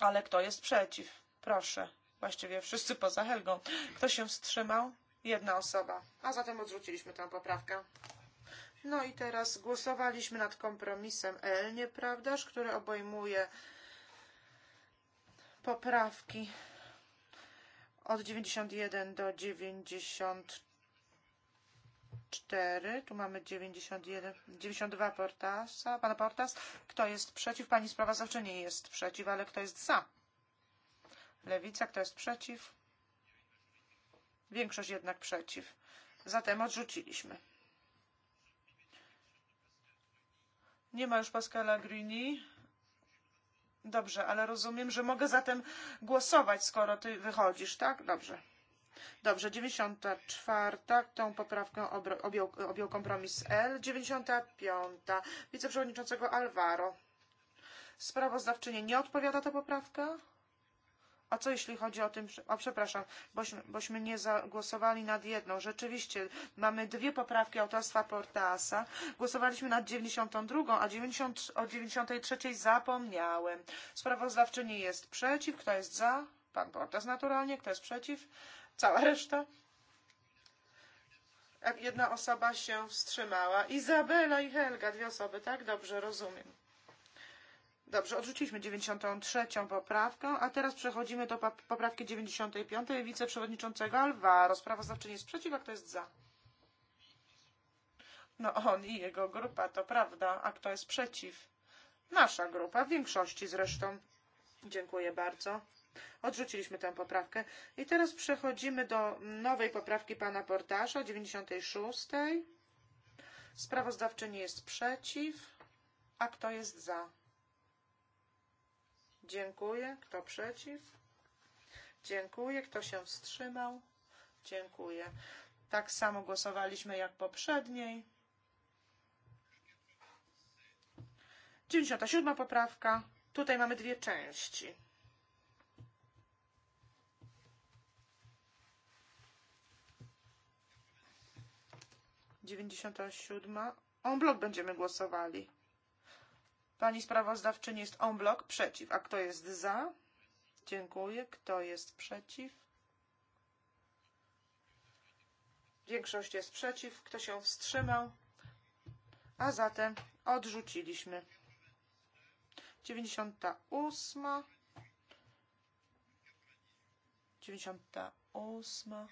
Ale kto jest przeciw? Proszę. Właściwie wszyscy poza Helgą. Kto się wstrzymał? Jedna osoba. A zatem odrzuciliśmy tę poprawkę. No i teraz głosowaliśmy nad kompromisem L, nieprawdaż, który obejmuje poprawki od 91 do 94 4, tu mamy 91, 92 Portasa, pana Portas. Kto jest przeciw? Pani sprawozdawczyni jest przeciw, ale kto jest za? Lewica, kto jest przeciw? Większość jednak przeciw. Zatem odrzuciliśmy. Nie ma już Pascala Grini. Dobrze, ale rozumiem, że mogę zatem głosować, skoro ty wychodzisz, tak? Dobrze. Dobrze, 94. Tą poprawkę objął, objął kompromis L. 95. Wiceprzewodniczącego Alvaro. Sprawozdawczynie nie odpowiada ta poprawka? A co jeśli chodzi o tym, o przepraszam, bośmy, bośmy nie zagłosowali nad jedną. Rzeczywiście mamy dwie poprawki autorstwa Portasa. Głosowaliśmy nad 92, a 90, o 93 zapomniałem. Sprawozdawczyni jest przeciw. Kto jest za? Pan Portas naturalnie. Kto jest przeciw? cała reszta. Jedna osoba się wstrzymała. Izabela i Helga, dwie osoby, tak? Dobrze, rozumiem. Dobrze, odrzuciliśmy 93. poprawkę, a teraz przechodzimy do poprawki 95. wiceprzewodniczącego Alvaro. Sprawozdawczyni jest przeciw, a kto jest za? No on i jego grupa, to prawda, a kto jest przeciw? Nasza grupa, w większości zresztą. Dziękuję bardzo. Odrzuciliśmy tę poprawkę. I teraz przechodzimy do nowej poprawki pana Portasza, 96. Sprawozdawczyni jest przeciw. A kto jest za? Dziękuję. Kto przeciw? Dziękuję. Kto się wstrzymał? Dziękuję. Tak samo głosowaliśmy jak poprzedniej. 97 poprawka. Tutaj mamy dwie części. 97. On blok będziemy głosowali. Pani sprawozdawczyni jest on blok przeciw. A kto jest za? Dziękuję. Kto jest przeciw? Większość jest przeciw. Kto się wstrzymał? A zatem odrzuciliśmy. 98. 98.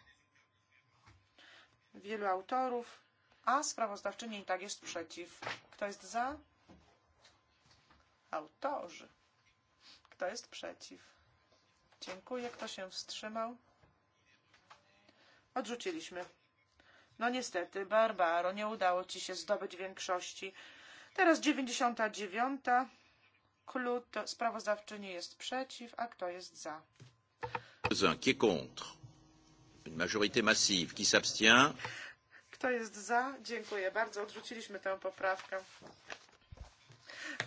Wielu autorów a sprawozdawczyni i tak jest przeciw. Kto jest za? Autorzy. Kto jest przeciw? Dziękuję. Kto się wstrzymał? Odrzuciliśmy. No niestety, Barbaro, nie udało ci się zdobyć większości. Teraz 99. Klut, sprawozdawczyni jest przeciw, a kto jest za? Qui est contre? Une majorité massive. Qui s'abstient? Kto jest za? Dziękuję bardzo. Odrzuciliśmy tę poprawkę.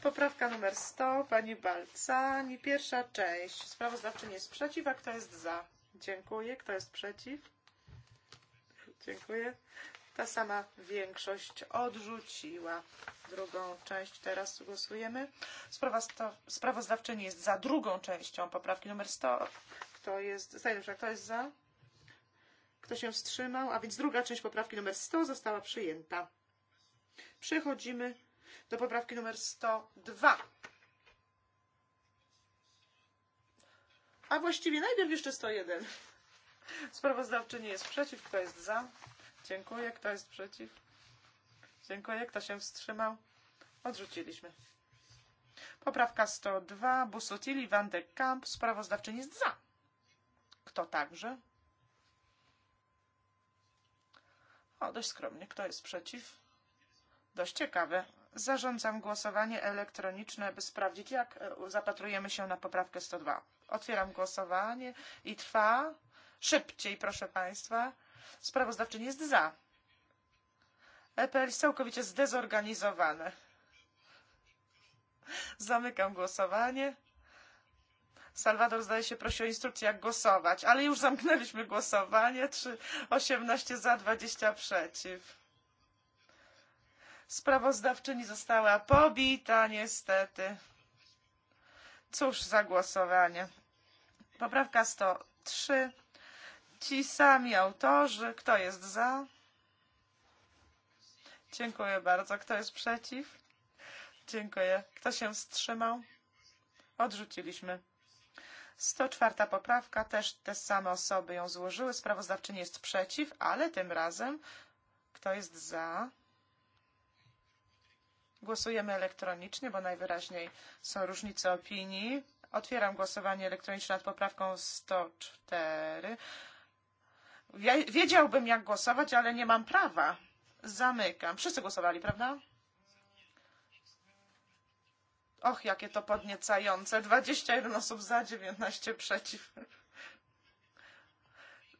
Poprawka numer 100, pani Balcani. Pierwsza część. Sprawozdawczyni jest przeciw, a kto jest za? Dziękuję. Kto jest przeciw? Dziękuję. Ta sama większość odrzuciła drugą część. Teraz głosujemy. Sprawozdawczyni jest za drugą częścią poprawki numer 100. Kto jest, kto jest za? Kto się wstrzymał? A więc druga część poprawki numer 100 została przyjęta. Przechodzimy do poprawki numer 102. A właściwie najpierw jeszcze 101. Sprawozdawczy nie jest przeciw. Kto jest za? Dziękuję. Kto jest przeciw? Dziękuję. Kto się wstrzymał? Odrzuciliśmy. Poprawka 102. Busutili, Van de Kamp. Sprawozdawczyni jest za. Kto także? O, dość skromnie. Kto jest przeciw? Dość ciekawe. Zarządzam głosowanie elektroniczne, by sprawdzić, jak e, zapatrujemy się na poprawkę 102. Otwieram głosowanie i trwa. Szybciej, proszę Państwa. Sprawozdawczyni jest za. EPL jest całkowicie zdezorganizowane. Zamykam głosowanie. Salwador zdaje się prosi o instrukcję, jak głosować, ale już zamknęliśmy głosowanie. 3, 18 za, 20 przeciw. Sprawozdawczyni została pobita, niestety. Cóż za głosowanie. Poprawka 103. Ci sami autorzy. Kto jest za? Dziękuję bardzo. Kto jest przeciw? Dziękuję. Kto się wstrzymał? Odrzuciliśmy. 104 poprawka, też te same osoby ją złożyły. Sprawozdawczyni jest przeciw, ale tym razem kto jest za? Głosujemy elektronicznie, bo najwyraźniej są różnice opinii. Otwieram głosowanie elektroniczne nad poprawką 104. Wiedziałbym, jak głosować, ale nie mam prawa. Zamykam. Wszyscy głosowali, prawda? Och, jakie to podniecające. 21 osób za, 19 przeciw.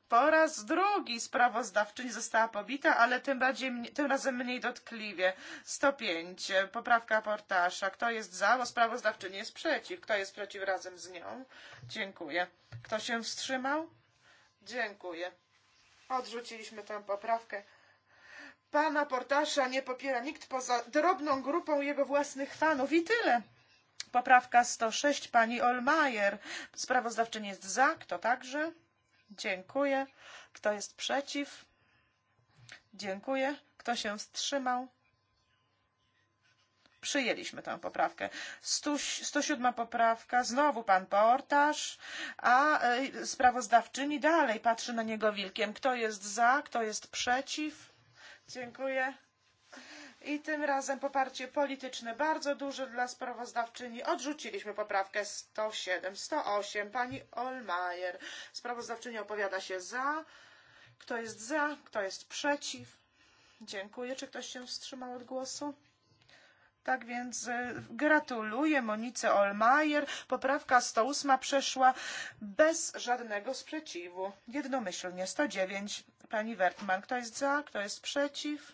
Po raz drugi sprawozdawczyni została pobita, ale tym, bardziej, tym razem mniej dotkliwie. 105. Poprawka portasza. Kto jest za, bo sprawozdawczyni jest przeciw. Kto jest przeciw razem z nią? Dziękuję. Kto się wstrzymał? Dziękuję. Odrzuciliśmy tę poprawkę. Pana Portasza nie popiera nikt poza drobną grupą jego własnych fanów i tyle. Poprawka 106 pani Olmajer. Sprawozdawczyni jest za. Kto także? Dziękuję. Kto jest przeciw? Dziękuję. Kto się wstrzymał? Przyjęliśmy tę poprawkę. 107 poprawka, znowu pan Portaż, a e, sprawozdawczyni dalej patrzy na niego wilkiem. Kto jest za, kto jest przeciw? Dziękuję. I tym razem poparcie polityczne bardzo duże dla sprawozdawczyni. Odrzuciliśmy poprawkę 107, 108. Pani Olmajer. Sprawozdawczyni opowiada się za. Kto jest za? Kto jest przeciw? Dziękuję. Czy ktoś się wstrzymał od głosu? Tak więc e, gratuluję Monice Olmajer. Poprawka 108 przeszła bez żadnego sprzeciwu. Jednomyślnie 109 Pani Wertmann, kto jest za, kto jest przeciw?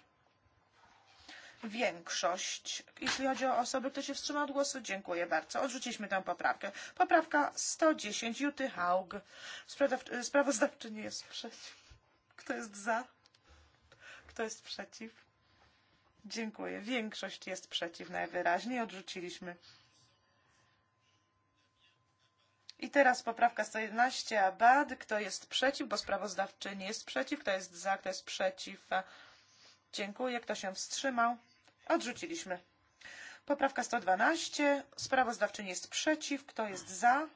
Większość. Jeśli chodzi o osoby, które się wstrzymały od głosu, dziękuję bardzo. Odrzuciliśmy tę poprawkę. Poprawka 110, Juty Haug. Sprawozdawczyni jest przeciw. Kto jest za? Kto jest przeciw? Dziękuję. Większość jest przeciw najwyraźniej. Odrzuciliśmy. I teraz poprawka 111, abad. Kto jest przeciw? Bo nie jest przeciw. Kto jest za? Kto jest przeciw? Dziękuję. Kto się wstrzymał? Odrzuciliśmy. Poprawka 112. nie jest przeciw. Kto jest za?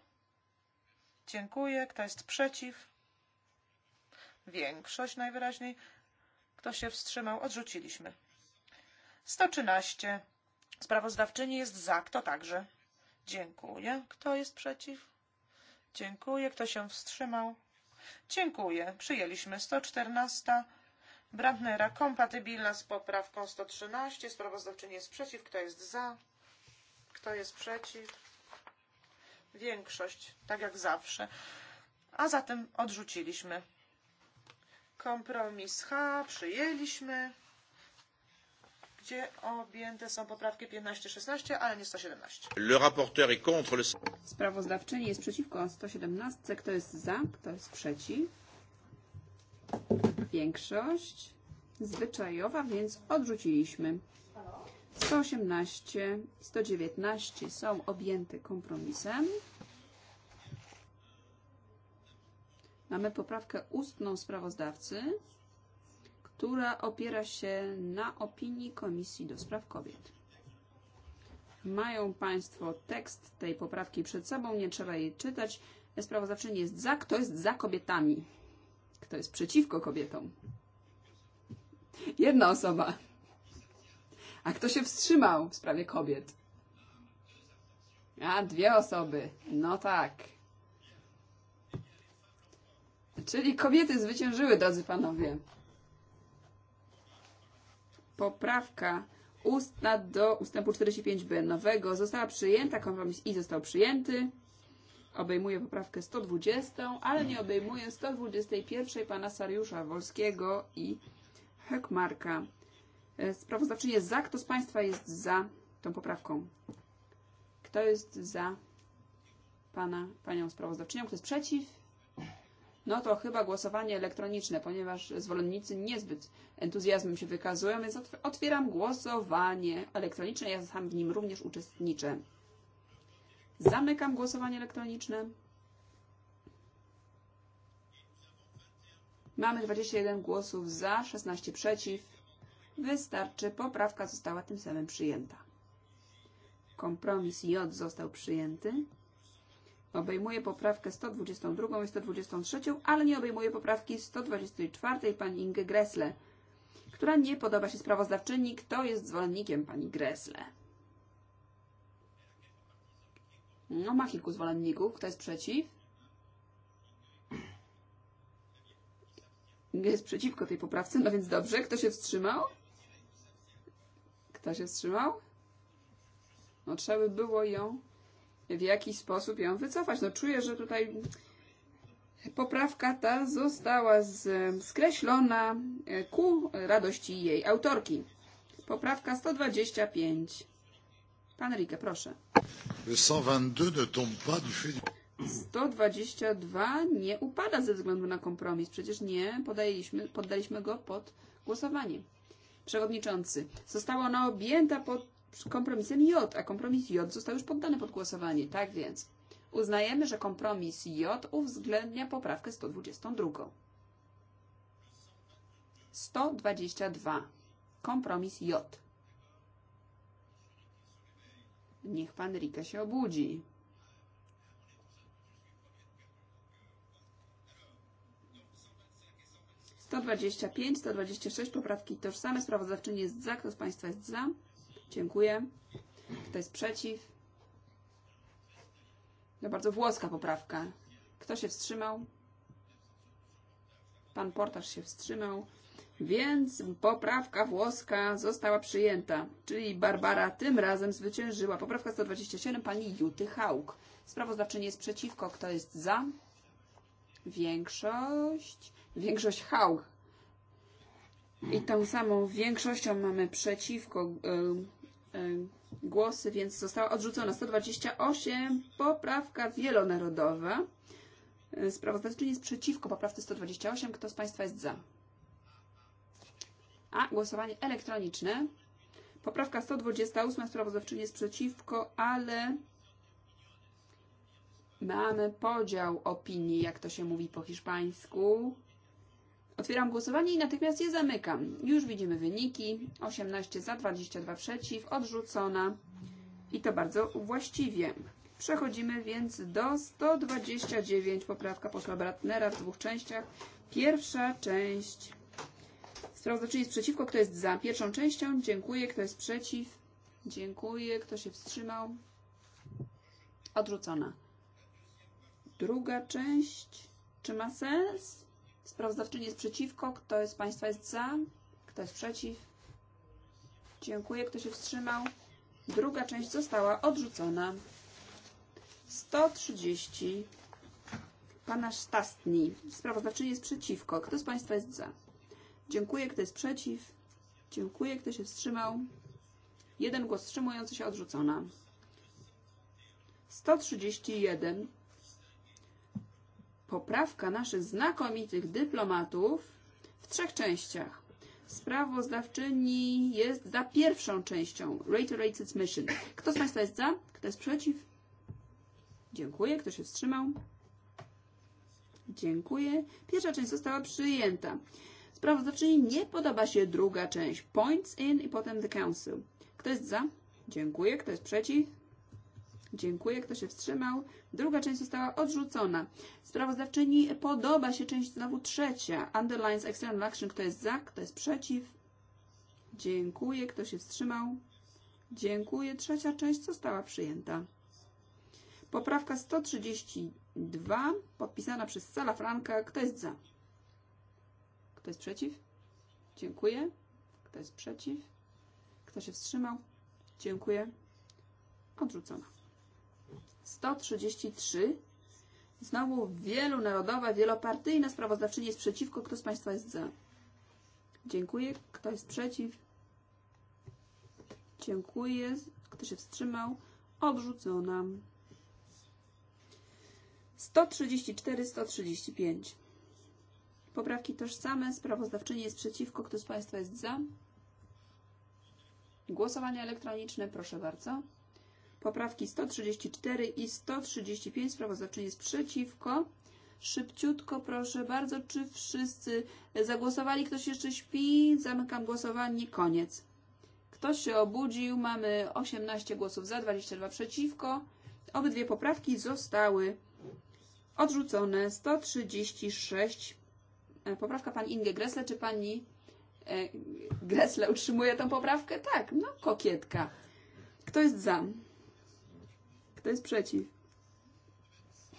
Dziękuję. Kto jest przeciw? Większość najwyraźniej. Kto się wstrzymał? Odrzuciliśmy. 113. Sprawozdawczyni jest za. Kto także? Dziękuję. Kto jest przeciw? Dziękuję. Kto się wstrzymał? Dziękuję. Przyjęliśmy 114. Brandnera kompatybilna z poprawką 113. Sprawozdawczyni jest przeciw. Kto jest za? Kto jest przeciw? Większość, tak jak zawsze. A zatem odrzuciliśmy. Kompromis H przyjęliśmy gdzie objęte są poprawki 15-16, ale nie 117. Le rapporteur est contre le... Sprawozdawczyni jest przeciwko 117. Kto jest za? Kto jest przeciw? Większość zwyczajowa, więc odrzuciliśmy. 118 i 119 są objęte kompromisem. Mamy poprawkę ustną sprawozdawcy która opiera się na opinii Komisji do Spraw Kobiet. Mają Państwo tekst tej poprawki przed sobą, nie trzeba jej czytać. Sprawozdawczyni jest za, kto jest za kobietami? Kto jest przeciwko kobietom? Jedna osoba. A kto się wstrzymał w sprawie kobiet? A, dwie osoby. No tak. Czyli kobiety zwyciężyły, drodzy panowie poprawka ustna do ustępu 45b nowego została przyjęta, kompromis i został przyjęty. Obejmuje poprawkę 120, ale nie obejmuje 121 pana Sariusza Wolskiego i Hekmarka. E, sprawozdawczyni jest za. Kto z Państwa jest za tą poprawką? Kto jest za pana, panią sprawozdawczynią? Kto jest przeciw? no to chyba głosowanie elektroniczne, ponieważ zwolennicy niezbyt entuzjazmem się wykazują, więc otwieram głosowanie elektroniczne. Ja sam w nim również uczestniczę. Zamykam głosowanie elektroniczne. Mamy 21 głosów za, 16 przeciw. Wystarczy, poprawka została tym samym przyjęta. Kompromis J został przyjęty obejmuje poprawkę 122 i 123, ale nie obejmuje poprawki 124 pani Inge Gressle, która nie podoba się sprawozdawczyni, kto jest zwolennikiem pani Gressle. No, ma kilku zwolenników. Kto jest przeciw? Jest przeciwko tej poprawce, no więc dobrze. Kto się wstrzymał? Kto się wstrzymał? No, trzeba by było ją w jakiś sposób ją wycofać. No czuję, że tutaj poprawka ta została z, skreślona e, ku radości jej autorki. Poprawka 125. Pan Rike, proszę. 122 nie upada ze względu na kompromis. Przecież nie podaliśmy, poddaliśmy go pod głosowanie. Przewodniczący, została ona objęta pod kompromisem J, a kompromis J został już poddany pod głosowanie. Tak więc uznajemy, że kompromis J uwzględnia poprawkę 122. 122. Kompromis J. Niech pan Rika się obudzi. Sto dwadzieścia pięć, sto dwadzieścia sześć poprawki tożsame. Sprawozdawczyni jest za. Kto z państwa jest za? Dziękuję. Kto jest przeciw? to no, bardzo włoska poprawka. Kto się wstrzymał? Pan portaż się wstrzymał. Więc poprawka włoska została przyjęta. Czyli Barbara tym razem zwyciężyła. Poprawka 127 pani Juty Hauk. Sprawozdawczyni jest przeciwko. Kto jest za? Większość. Większość Hauk. I tą samą większością mamy przeciwko. Yy, E, głosy, więc została odrzucona 128 poprawka wielonarodowa. E, sprawozdawczyni jest przeciwko poprawce 128. Kto z Państwa jest za? A głosowanie elektroniczne. Poprawka 128 sprawozdawczyni jest przeciwko, ale mamy podział opinii, jak to się mówi po hiszpańsku. Otwieram głosowanie i natychmiast je zamykam. Już widzimy wyniki. 18 za, 22 przeciw, odrzucona. I to bardzo właściwie. Przechodzimy więc do 129, poprawka posła Bratnera w dwóch częściach. Pierwsza część. Sprawozdawczyni jest przeciwko, kto jest za pierwszą częścią. Dziękuję, kto jest przeciw. Dziękuję, kto się wstrzymał. Odrzucona. Druga część. Czy ma sens? Sprawozdawczyni jest przeciwko. Kto z Państwa jest za? Kto jest przeciw? Dziękuję. Kto się wstrzymał? Druga część została odrzucona. 130. Pana Sztastni. Sprawozdawczyni jest przeciwko. Kto z Państwa jest za? Dziękuję. Kto jest przeciw? Dziękuję. Kto się wstrzymał? Jeden głos wstrzymujący się odrzucona. 131 poprawka naszych znakomitych dyplomatów w trzech częściach. Sprawozdawczyni jest za pierwszą częścią. Reiterated mission. Kto z Państwa jest za? Kto jest przeciw? Dziękuję. Kto się wstrzymał? Dziękuję. Pierwsza część została przyjęta. Sprawozdawczyni nie podoba się druga część. Points in i potem the council. Kto jest za? Dziękuję. Kto jest przeciw? Dziękuję. Kto się wstrzymał? Druga część została odrzucona. Sprawozdawczyni podoba się część znowu trzecia. Underlines External Action. Kto jest za? Kto jest przeciw? Dziękuję. Kto się wstrzymał? Dziękuję. Trzecia część została przyjęta. Poprawka 132 podpisana przez Sala Franka. Kto jest za? Kto jest przeciw? Dziękuję. Kto jest przeciw? Kto się wstrzymał? Dziękuję. Odrzucona. 133. Znowu wielunarodowa, wielopartyjna sprawozdawczyni jest przeciwko. Kto z Państwa jest za? Dziękuję. Kto jest przeciw? Dziękuję. Kto się wstrzymał? Odrzucona. 134, 135. Poprawki tożsame. Sprawozdawczyni jest przeciwko. Kto z Państwa jest za? Głosowanie elektroniczne. Proszę bardzo. Poprawki 134 i 135. Sprawozdawczyni jest przeciwko. Szybciutko, proszę bardzo, czy wszyscy zagłosowali? Ktoś jeszcze śpi? Zamykam głosowanie. Koniec. Ktoś się obudził. Mamy 18 głosów za, 22 przeciwko. Obydwie poprawki zostały odrzucone. 136. E, poprawka pani Inge Gressle czy pani e, Gressle utrzymuje tą poprawkę? Tak, no kokietka. Kto jest za? Kto jest przeciw?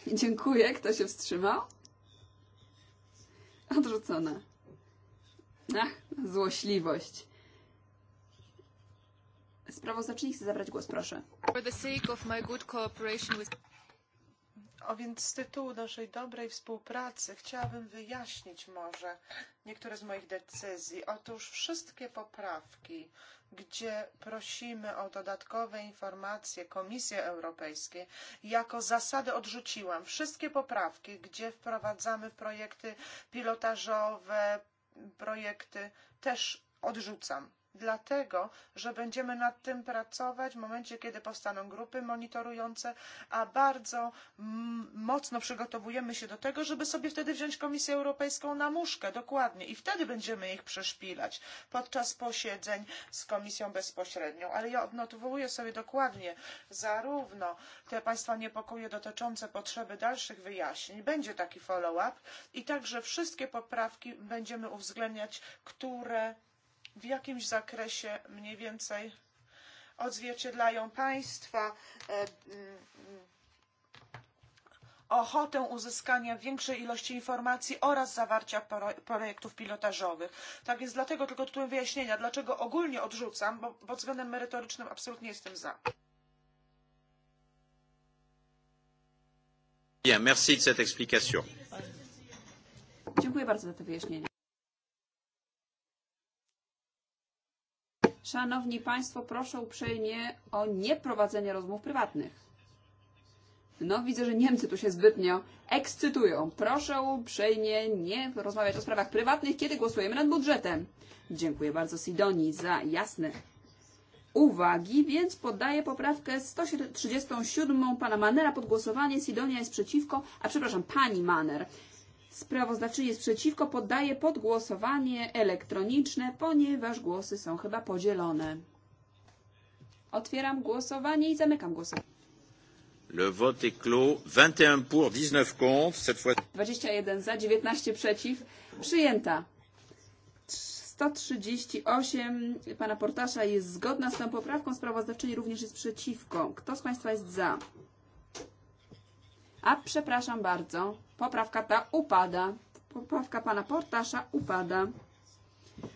Dziękuję. Kto się wstrzymał? Odrzucone. Ach, złośliwość. Sprawozdawczyni chce zabrać głos, proszę. For the sake of my good cooperation with... A więc z tytułu naszej dobrej współpracy chciałabym wyjaśnić może niektóre z moich decyzji. Otóż wszystkie poprawki, gdzie prosimy o dodatkowe informacje Komisji Europejskiej, jako zasady odrzuciłam. Wszystkie poprawki, gdzie wprowadzamy projekty pilotażowe, projekty też odrzucam dlatego, że będziemy nad tym pracować w momencie, kiedy powstaną grupy monitorujące, a bardzo mocno przygotowujemy się do tego, żeby sobie wtedy wziąć Komisję Europejską na muszkę, dokładnie, i wtedy będziemy ich przeszpilać podczas posiedzeń z Komisją bezpośrednią. Ale ja odnotowuję sobie dokładnie zarówno te Państwa niepokoje dotyczące potrzeby dalszych wyjaśnień, będzie taki follow-up i także wszystkie poprawki będziemy uwzględniać, które w jakimś zakresie mniej więcej odzwierciedlają państwa e, mm, ochotę uzyskania większej ilości informacji oraz zawarcia projektów pilotażowych. Tak więc dlatego tylko tytułem wyjaśnienia, dlaczego ogólnie odrzucam, bo pod względem merytorycznym absolutnie jestem za. Bien, merci de cette explication. Dziękuję bardzo za to wyjaśnienie. Szanowni Państwo, proszę uprzejmie o nieprowadzenie rozmów prywatnych. No, widzę, że Niemcy tu się zbytnio ekscytują. Proszę uprzejmie nie rozmawiać o sprawach prywatnych, kiedy głosujemy nad budżetem. Dziękuję bardzo Sidonii za jasne uwagi, więc poddaję poprawkę 137 pana Manera pod głosowanie. Sidonia jest przeciwko, a przepraszam, pani Maner Sprawozdawczyni jest przeciwko, poddaję pod głosowanie elektroniczne, ponieważ głosy są chyba podzielone. Otwieram głosowanie i zamykam głosowanie. Le vote est clos. 21 pour, 19 contre. Cette fois... 21 za, 19 przeciw. Przyjęta. 138 pana Portasza jest zgodna z tą poprawką. Sprawozdawczyni również jest przeciwko. Kto z Państwa jest za? A przepraszam bardzo. Poprawka ta upada. Poprawka pana Portasza upada.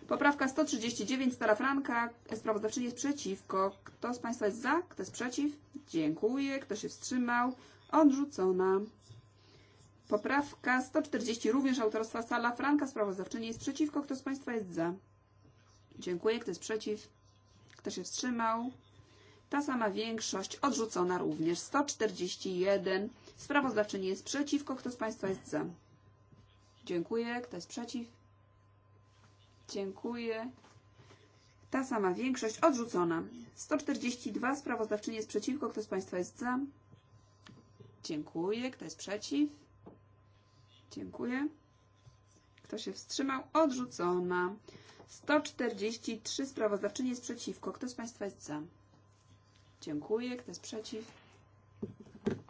Poprawka 139 Stara Franka. Sprawozdawczyni jest przeciwko. Kto z Państwa jest za? Kto jest przeciw? Dziękuję. Kto się wstrzymał? Odrzucona. Poprawka 140 również autorstwa Sala Franka. Sprawozdawczyni jest przeciwko. Kto z Państwa jest za? Dziękuję. Kto jest przeciw? Kto się wstrzymał? Ta sama większość odrzucona również. 141 Sprawozdawczyni jest przeciwko. Kto z Państwa jest za? Dziękuję. Kto jest przeciw? Dziękuję. Ta sama większość odrzucona. 142. Sprawozdawczyni jest przeciwko. Kto z Państwa jest za? Dziękuję. Kto jest przeciw? Dziękuję. Kto się wstrzymał? Odrzucona. 143. Sprawozdawczyni jest przeciwko. Kto z Państwa jest za? Dziękuję. Kto jest przeciw?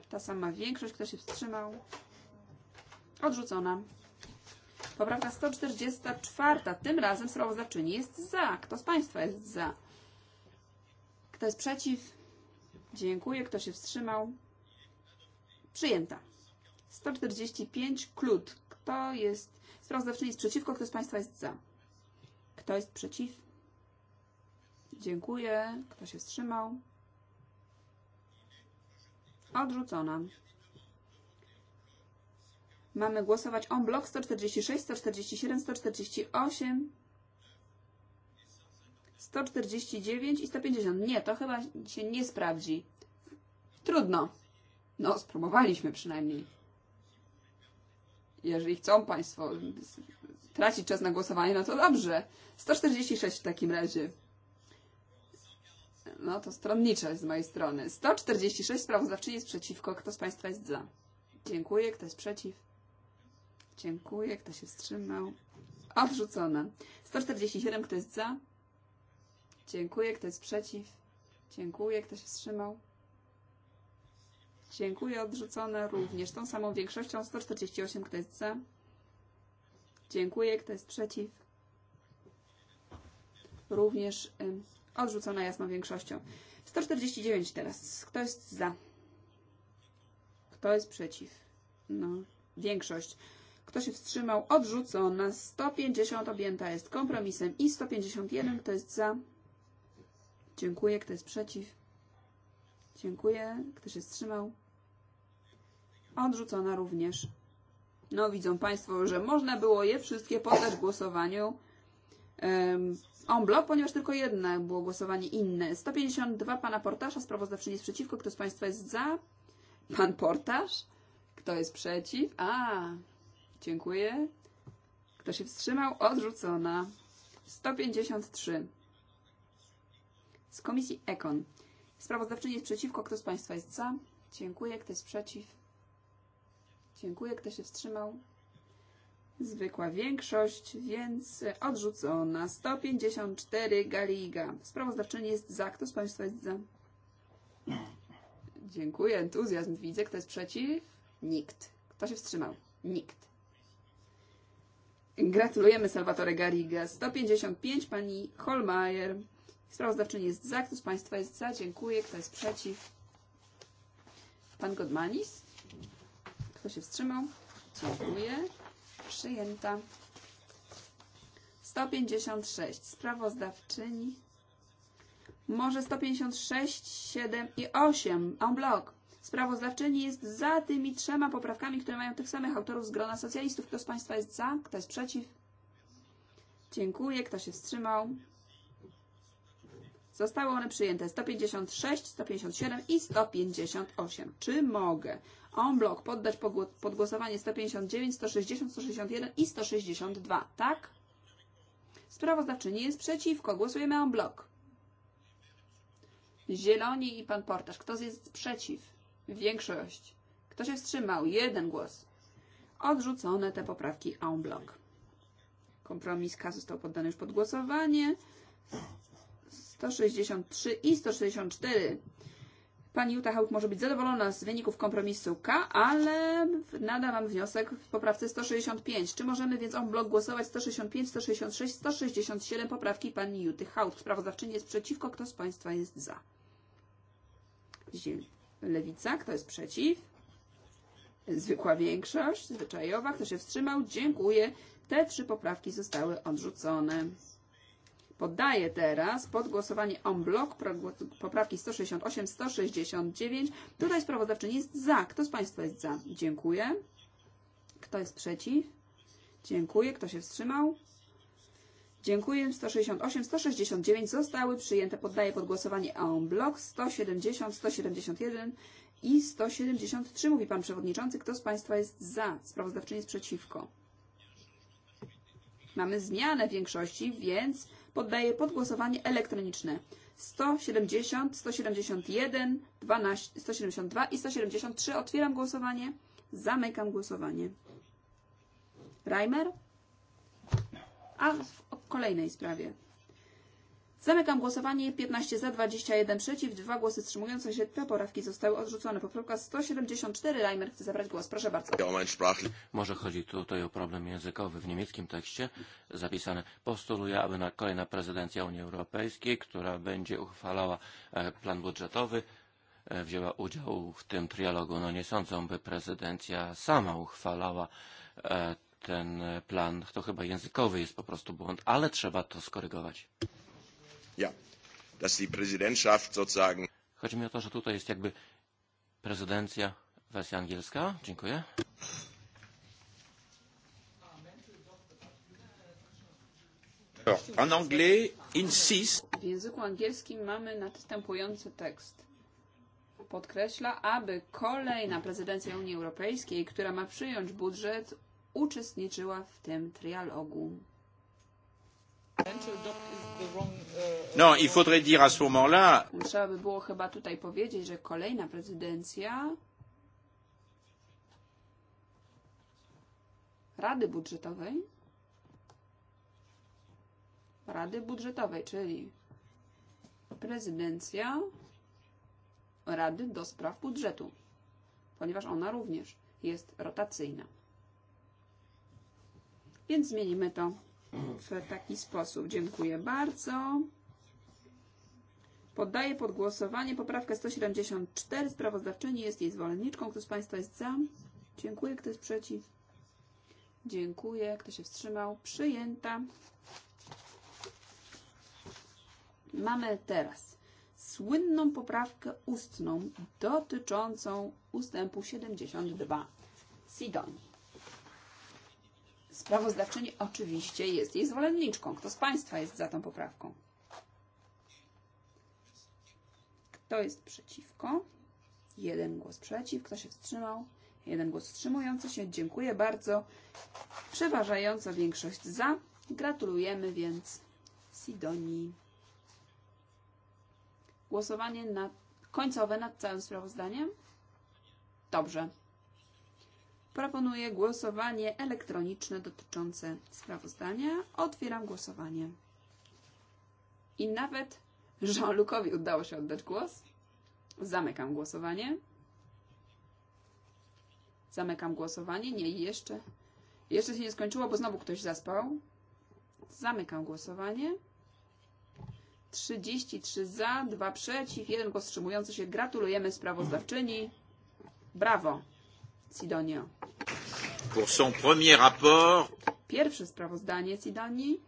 Ta sama większość. Kto się wstrzymał? Odrzucona. Poprawka 144. Tym razem sprawozdawczyni jest za. Kto z Państwa jest za? Kto jest przeciw? Dziękuję. Kto się wstrzymał? Przyjęta. 145. Klut. Kto jest... Sprawozdawczyni jest przeciwko. Kto z Państwa jest za? Kto jest przeciw? Dziękuję. Kto się wstrzymał? Odrzucona. Mamy głosować on blok 146, 147, 148, 149 i 150. Nie, to chyba się nie sprawdzi. Trudno. No, spróbowaliśmy przynajmniej. Jeżeli chcą Państwo tracić czas na głosowanie, no to dobrze. 146 w takim razie. No to stronniczość z mojej strony. 146 sprawozdawczyni jest przeciwko. Kto z Państwa jest za? Dziękuję. Kto jest przeciw? Dziękuję. Kto się wstrzymał? Odrzucone. 147. Kto jest za? Dziękuję. Kto jest przeciw? Dziękuję. Kto się wstrzymał? Dziękuję. Odrzucone również tą samą większością. 148. Kto jest za? Dziękuję. Kto jest przeciw? Również y, Odrzucona jasną większością. 149 teraz. Kto jest za? Kto jest przeciw? No, większość. Kto się wstrzymał? Odrzucona. 150 objęta jest kompromisem. I 151. Kto jest za? Dziękuję. Kto jest przeciw? Dziękuję. Kto się wstrzymał? Odrzucona również. No, widzą Państwo, że można było je wszystkie poddać głosowaniu. Um, en bloc, ponieważ tylko jedno było głosowanie inne. 152 pana Portasza, sprawozdawczyni jest przeciwko. Kto z Państwa jest za? Pan Portasz? Kto jest przeciw? A, dziękuję. Kto się wstrzymał? Odrzucona. 153. Z komisji Ekon. Sprawozdawczyni jest przeciwko. Kto z Państwa jest za? Dziękuję. Kto jest przeciw? Dziękuję. Kto się wstrzymał? Zwykła większość, więc odrzucona. 154 Galiga. Sprawozdawczyni jest za. Kto z Państwa jest za? Dziękuję. Entuzjazm widzę. Kto jest przeciw? Nikt. Kto się wstrzymał? Nikt. Gratulujemy Salvatore Gariga. 155 pani Holmeier. Sprawozdawczyni jest za. Kto z Państwa jest za? Dziękuję. Kto jest przeciw? Pan Godmanis? Kto się wstrzymał? Dziękuję przyjęta. 156. Sprawozdawczyni. Może 156, 7 i 8. En bloc. Sprawozdawczyni jest za tymi trzema poprawkami, które mają tych samych autorów z grona socjalistów. Kto z Państwa jest za? Kto jest przeciw? Dziękuję. Kto się wstrzymał? Zostały one przyjęte 156, 157 i 158. Czy mogę en blok poddać pod głosowanie 159, 160, 161 i 162? Tak? Sprawozdawczyni jest przeciwko. Głosujemy en blok. Zieloni i pan Portaż. Kto jest przeciw? Większość. Kto się wstrzymał? Jeden głos. Odrzucone te poprawki en bloc. Kompromis K został poddany już pod głosowanie. 163 i 164. Pani Jutta Hauk może być zadowolona z wyników kompromisu K, ale nada mam wniosek w poprawce 165. Czy możemy więc on blok głosować 165, 166, 167 poprawki pani Juty Hauk? Sprawozdawczyni jest przeciwko. Kto z Państwa jest za? Lewica. Kto jest przeciw? Zwykła większość, zwyczajowa. Kto się wstrzymał? Dziękuję. Te trzy poprawki zostały odrzucone. Poddaję teraz pod głosowanie en bloc poprawki 168, 169. Tutaj sprawozdawczyni jest za. Kto z Państwa jest za? Dziękuję. Kto jest przeciw? Dziękuję. Kto się wstrzymał? Dziękuję. 168, 169 zostały przyjęte. Poddaję pod głosowanie en bloc 170, 171 i 173. Mówi Pan Przewodniczący. Kto z Państwa jest za? Sprawozdawczyni jest przeciwko. Mamy zmianę większości, więc poddaję pod głosowanie elektroniczne. 170, 171, 12, 172 i 173. Otwieram głosowanie. Zamykam głosowanie. Reimer? A w kolejnej sprawie. Zamykam głosowanie. 15 za, 21 przeciw, 2 głosy wstrzymujące się. Te porawki zostały odrzucone. Poprawka 174. Reimer chce zabrać głos. Proszę bardzo. Może chodzi tutaj o problem językowy. W niemieckim tekście zapisane postuluję, aby na kolejna prezydencja Unii Europejskiej, która będzie uchwalała e, plan budżetowy, e, wzięła udział w tym trialogu. No nie sądzą, by prezydencja sama uchwalała e, ten plan. To chyba językowy jest po prostu błąd, ale trzeba to skorygować ja, dass die Präsidentschaft sozusagen. Chodzi mi o to, że tutaj jest jakby prezydencja wersja angielska. Dziękuję. En anglais, insist. W języku angielskim mamy następujący tekst. Podkreśla, aby kolejna prezydencja Unii Europejskiej, która ma przyjąć budżet, uczestniczyła w tym trialogu. No, i faudrait dire à ce moment-là. Trzeba by było chyba tutaj powiedzieć, że kolejna prezydencja Rady Budżetowej Rady Budżetowej, czyli prezydencja Rady do Spraw Budżetu, ponieważ ona również jest rotacyjna. Więc zmienimy to w taki sposób. Dziękuję bardzo. Poddaję pod głosowanie poprawkę 174. Sprawozdawczyni jest jej zwolenniczką. Kto z Państwa jest za? Dziękuję. Kto jest przeciw? Dziękuję. Kto się wstrzymał? Przyjęta. Mamy teraz słynną poprawkę ustną dotyczącą ustępu 72. Sidon. Sprawozdawczyni oczywiście jest jej zwolenniczką. Kto z Państwa jest za tą poprawką? Kto jest przeciwko? Jeden głos przeciw. Kto się wstrzymał? Jeden głos wstrzymujący się. Dziękuję bardzo. Przeważająca większość za. Gratulujemy więc Sidonii. Głosowanie na, końcowe nad całym sprawozdaniem? Dobrze proponuję głosowanie elektroniczne dotyczące sprawozdania. Otwieram głosowanie. I nawet Jean-Lucowi udało się oddać głos. Zamykam głosowanie. Zamykam głosowanie. Nie, jeszcze. Jeszcze się nie skończyło, bo znowu ktoś zaspał. Zamykam głosowanie. 33 za, 2 przeciw, 1 głos wstrzymujący się. Gratulujemy sprawozdawczyni. Brawo! Sidonia. Pour son premier rapport. Pierwsze sprawozdanie Sidonii.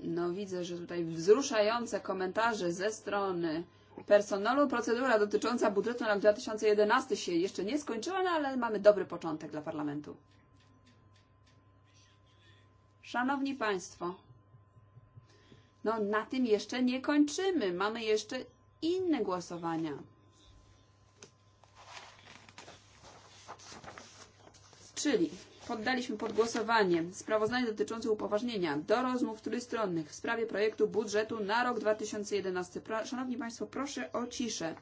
No widzę, że tutaj wzruszające komentarze ze strony personelu. Procedura dotycząca budżetu na 2011 się jeszcze nie skończyła, no ale mamy dobry początek dla parlamentu. Szanowni Państwo, No na tym jeszcze nie kończymy. Mamy jeszcze inne głosowania. Czyli poddaliśmy pod głosowanie sprawozdanie dotyczące upoważnienia do rozmów trójstronnych w sprawie projektu budżetu na rok 2011. Pra Szanowni Państwo, proszę o ciszę.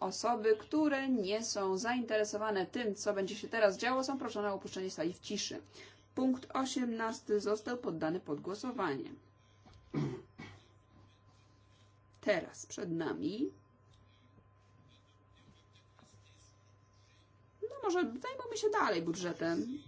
Osoby, które nie są zainteresowane tym, co będzie się teraz działo, są proszone o opuszczenie sali w ciszy. Punkt 18 został poddany pod głosowanie. Teraz przed nami no może zajmujmy się dalej budżetem.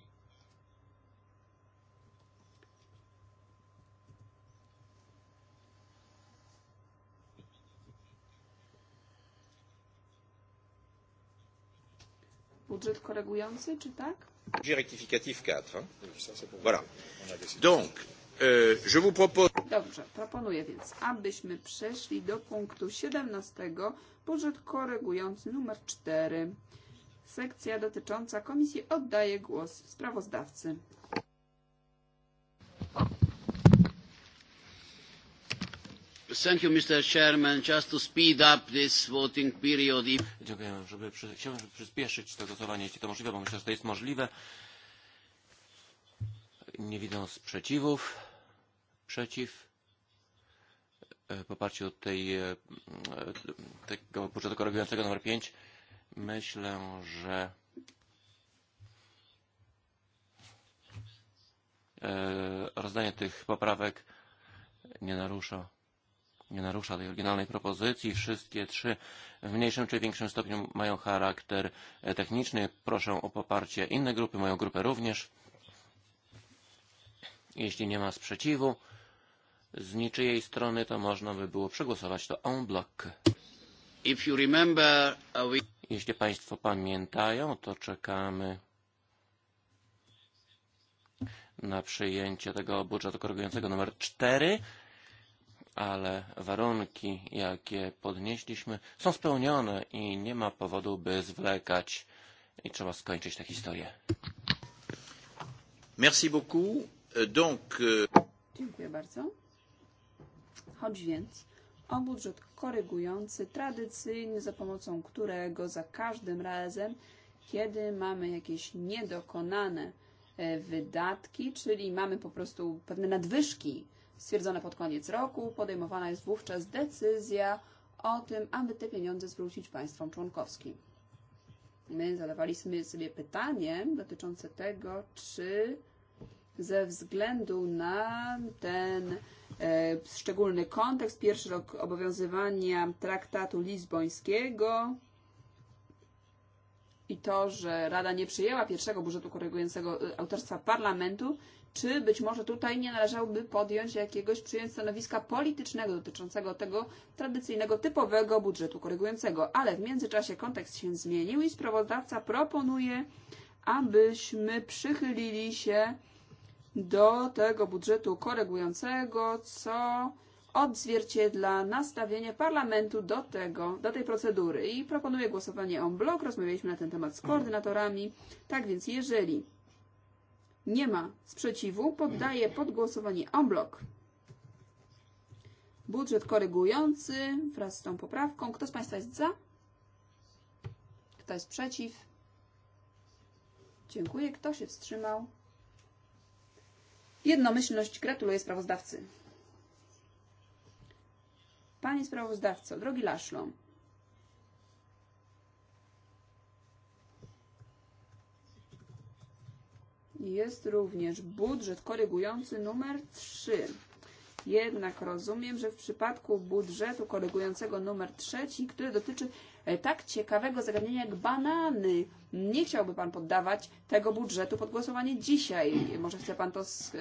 budżet korygujący, czy tak? Rectificatif 4. Hein. Voilà. Donc, je vous propose... Dobrze, proponuję więc, abyśmy przeszli do punktu 17, budżet korygujący numer 4. Sekcja dotycząca komisji oddaje głos sprawozdawcy. Thank you, Mr. Chairman. Just to speed up this voting period. If... Dziękuję, żeby przy, chciałbym żeby przyspieszyć to głosowanie, jeśli to możliwe, bo myślę, że to jest możliwe. Nie widzę sprzeciwów. Przeciw? Eh, poparcie od tej, eh, tego eh, budżetu korygującego numer 5. Myślę, że rozdanie tych poprawek nie narusza nie narusza tej oryginalnej propozycji. Wszystkie trzy w mniejszym czy większym stopniu mają charakter techniczny. Proszę o poparcie inne grupy, moją grupę również. Jeśli nie ma sprzeciwu, z niczyjej strony, to można by było przegłosować to en bloc. If you remember, uh, we... Jeśli Państwo pamiętają, to czekamy na przyjęcie tego budżetu korygującego numer 4, ale warunki, jakie podnieśliśmy, są spełnione i nie ma powodu, by zwlekać i trzeba skończyć tę historię. Merci beaucoup. Euh, donc, euh... Dziękuję bardzo. Choć więc o budżet korygujący, tradycyjny, za pomocą którego za każdym razem, kiedy mamy jakieś niedokonane e, wydatki, czyli mamy po prostu pewne nadwyżki stwierdzone pod koniec roku, podejmowana jest wówczas decyzja o tym, aby te pieniądze zwrócić państwom członkowskim. My zadawaliśmy sobie pytanie dotyczące tego, czy ze względu na ten E, szczególny kontekst, pierwszy rok obowiązywania traktatu lizbońskiego i to, że Rada nie przyjęła pierwszego budżetu korygującego e, autorstwa parlamentu, czy być może tutaj nie należałoby podjąć jakiegoś, przyjąć stanowiska politycznego dotyczącego tego tradycyjnego, typowego budżetu korygującego. Ale w międzyczasie kontekst się zmienił i sprawozdawca proponuje, abyśmy przychylili się do tego budżetu korygującego, co odzwierciedla nastawienie parlamentu do tego, do tej procedury i proponuję głosowanie on blok. Rozmawialiśmy na ten temat z koordynatorami. Tak więc jeżeli nie ma sprzeciwu, poddaję pod głosowanie en bloc. Budżet korygujący wraz z tą poprawką. Kto z Państwa jest za? Kto jest przeciw? Dziękuję. Kto się wstrzymał? Jednomyślność. Gratuluję sprawozdawcy. Panie sprawozdawco, drogi Laszlo. Jest również budżet korygujący numer 3. Jednak rozumiem, że w przypadku budżetu korygującego numer 3, który dotyczy E, tak ciekawego zagadnienia jak banany. Nie chciałby Pan poddawać tego budżetu pod głosowanie dzisiaj. Może chce Pan to z,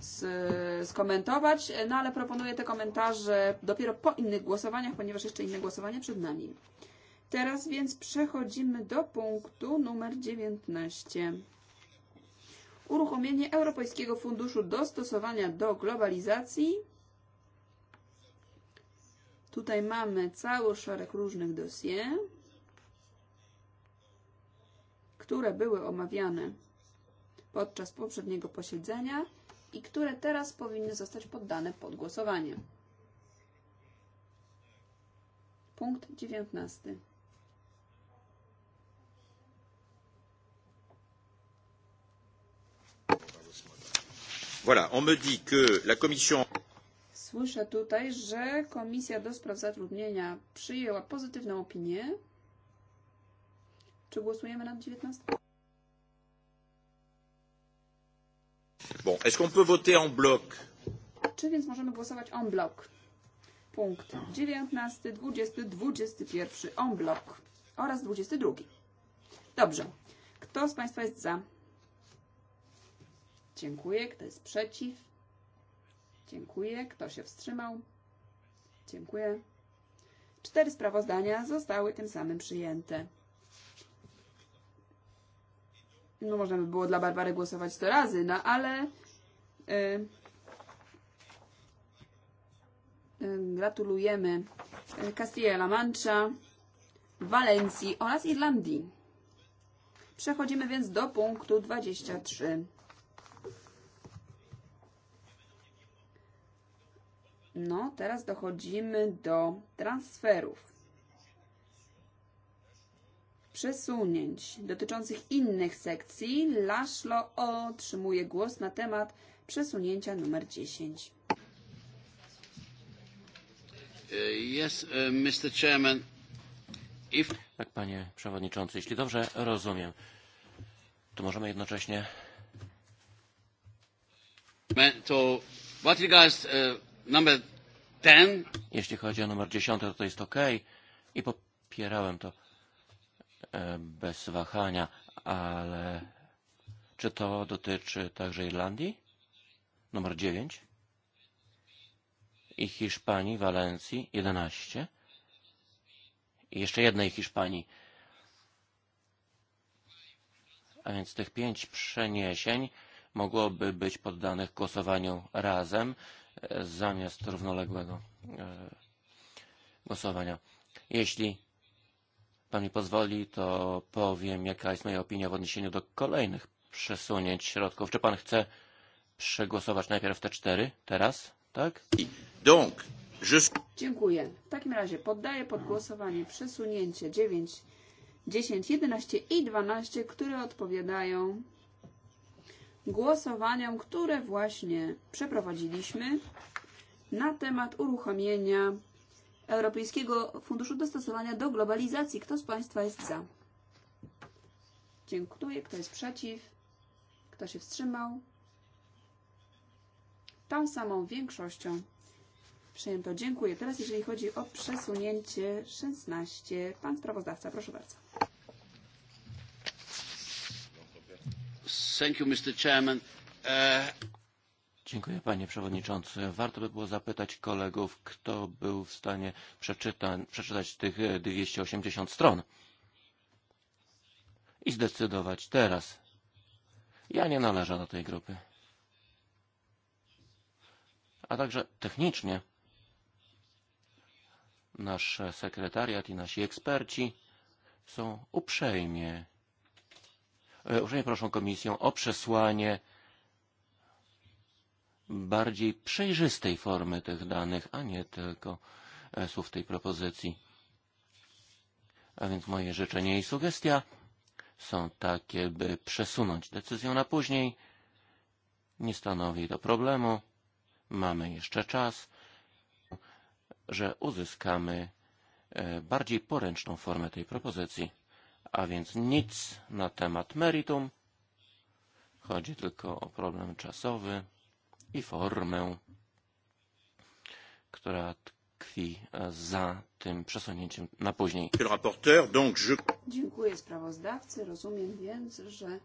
z, e, skomentować, e, no ale proponuję te komentarze dopiero po innych głosowaniach, ponieważ jeszcze inne głosowanie przed nami. Teraz więc przechodzimy do punktu numer 19. Uruchomienie Europejskiego Funduszu Dostosowania do Globalizacji – Tutaj mamy cały szereg różnych dosie, które były omawiane podczas poprzedniego posiedzenia i które teraz powinny zostać poddane pod głosowanie. Punkt 19. Voilà, on me dit que la commission słyszę tutaj, że Komisja do Spraw Zatrudnienia przyjęła pozytywną opinię. Czy głosujemy nad 19? Bon, est-ce qu'on peut voter en bloc? Czy więc możemy głosować en bloc? Punkt 19, 20, 21 en bloc oraz 22. Dobrze. Kto z Państwa jest za? Dziękuję. Kto jest przeciw? Dziękuję. Kto się wstrzymał? Dziękuję. Cztery sprawozdania zostały tym samym przyjęte. No można by było dla Barbary głosować sto razy, no ale yy, e, yy, e, gratulujemy Castilla-La Mancha, Walencji oraz Irlandii. Przechodzimy więc do punktu 23. No, teraz dochodzimy do transferów, przesunięć dotyczących innych sekcji. Laszlo otrzymuje głos na temat przesunięcia numer 10. E, yes, e, Mr. Chairman. If... Tak, panie przewodniczący, jeśli dobrze rozumiem, to możemy jednocześnie... To what regards uh, number ten... Jeśli chodzi o numer 10, to to jest ok. I popierałem to e, bez wahania, ale czy to dotyczy także Irlandii? Numer 9? I Hiszpanii, Walencji 11? I jeszcze jednej Hiszpanii. A więc tych pięć przeniesień mogłoby być poddanych głosowaniu razem zamiast równoległego e, głosowania. Jeśli Pan mi pozwoli, to powiem, jaka jest moja opinia w odniesieniu do kolejnych przesunięć środków. Czy Pan chce przegłosować najpierw te cztery teraz, tak? Donc, je... Dziękuję. W takim razie poddaję pod głosowanie przesunięcie 9, 10, 11 i 12, które odpowiadają głosowaniom, które właśnie przeprowadziliśmy na temat uruchomienia Europejskiego Funduszu Dostosowania do Globalizacji. Kto z Państwa jest za? Dziękuję. Kto jest przeciw? Kto się wstrzymał? Tą samą większością przyjęto. Dziękuję. Teraz jeżeli chodzi o przesunięcie 16. Pan sprawozdawca, proszę bardzo. Uh, Dziękuję panie przewodniczący. Warto by było zapytać kolegów, kto był w stanie przeczytać tych 280 stron i zdecydować teraz. Ja nie należę do tej grupy. A także technicznie nasz sekretariat i nasi eksperci są uprzejmie E, Uprzejmie proszę Komisję o przesłanie bardziej przejrzystej formy tych danych, a nie tylko e, słów tej propozycji. A więc moje życzenie i sugestia są takie, by przesunąć decyzję na później. Nie stanowi to problemu. Mamy jeszcze czas, że uzyskamy e, bardziej poręczną formę tej propozycji. A więc nic na temat meritum. Chodzi tylko o problem czasowy i formę, która tkwi za tym przesunięciem na później. Dziękuję sprawozdawcy. Rozumiem więc, że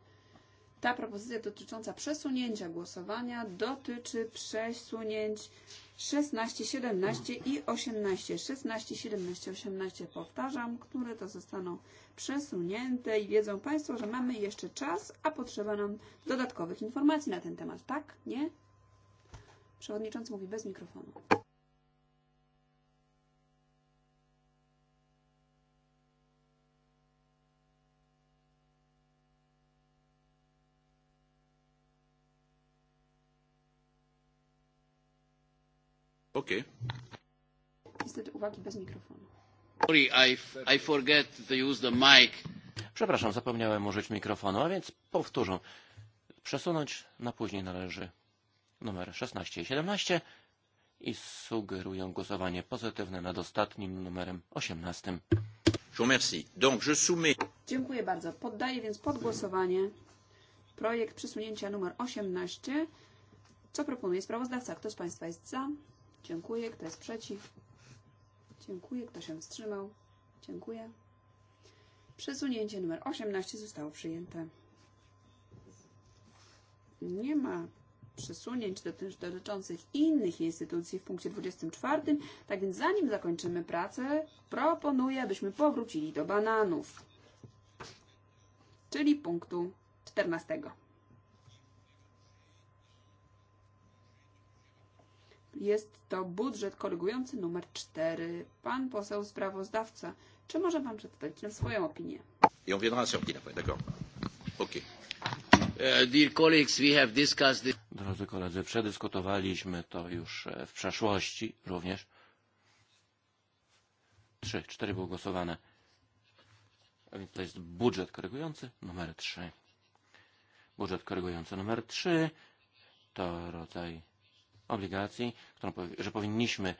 ta propozycja dotycząca przesunięcia głosowania dotyczy przesunięć 16, 17 i 18. 16, 17, 18 powtarzam, które to zostaną przesunięte i wiedzą Państwo, że mamy jeszcze czas, a potrzeba nam dodatkowych informacji na ten temat. Tak? Nie? Przewodniczący mówi bez mikrofonu. Okay. Jste uwagi bez mikrofonu. Sorry, I, I forget to use the mic. Przepraszam, zapomniałem użyć mikrofonu, a więc powtórzę. Przesunąć na później należy numer 16 i 17 i sugeruję głosowanie pozytywne nad ostatnim numerem 18. Dziękuję bardzo. Poddaję więc pod głosowanie projekt przesunięcia numer 18. Co proponuje sprawozdawca? Kto z Państwa jest za? Dziękuję. Kto jest przeciw? Dziękuję. Kto się wstrzymał? Dziękuję. Przesunięcie numer 18 zostało przyjęte. Nie ma przesunięć dotyczących innych instytucji w punkcie 24, tak więc zanim zakończymy pracę, proponuję, abyśmy powrócili do bananów, czyli punktu 14. Jest to budżet korygujący numer 4. Pan poseł sprawozdawca, czy może pan przedstawić nam swoją opinię? I on viendra sur qui après, d'accord. OK. Dear colleagues, we have discussed this. Drodzy koledzy, przedyskutowaliśmy to już e, w przeszłości również. Trzy, cztery było głosowane. A więc to jest budżet korygujący numer trzy. Budżet korygujący numer trzy to rodzaj obligacji, którą, że powinniśmy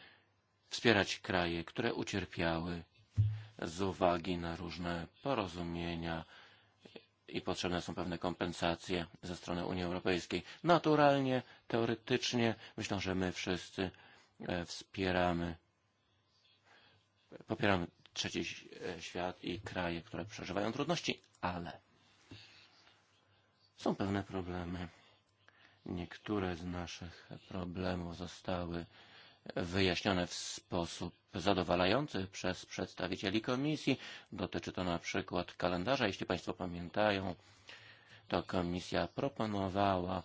wspierać kraje, które ucierpiały z uwagi na różne porozumienia i potrzebne są pewne kompensacje ze strony Unii Europejskiej. Naturalnie, teoretycznie myślę, że my wszyscy e, wspieramy, popieramy trzeci e, świat i kraje, które przeżywają trudności, ale są pewne problemy Niektóre z naszych problemów zostały wyjaśnione w sposób zadowalający przez przedstawicieli komisji. Dotyczy to na przykład kalendarza. Jeśli Państwo pamiętają, to komisja proponowała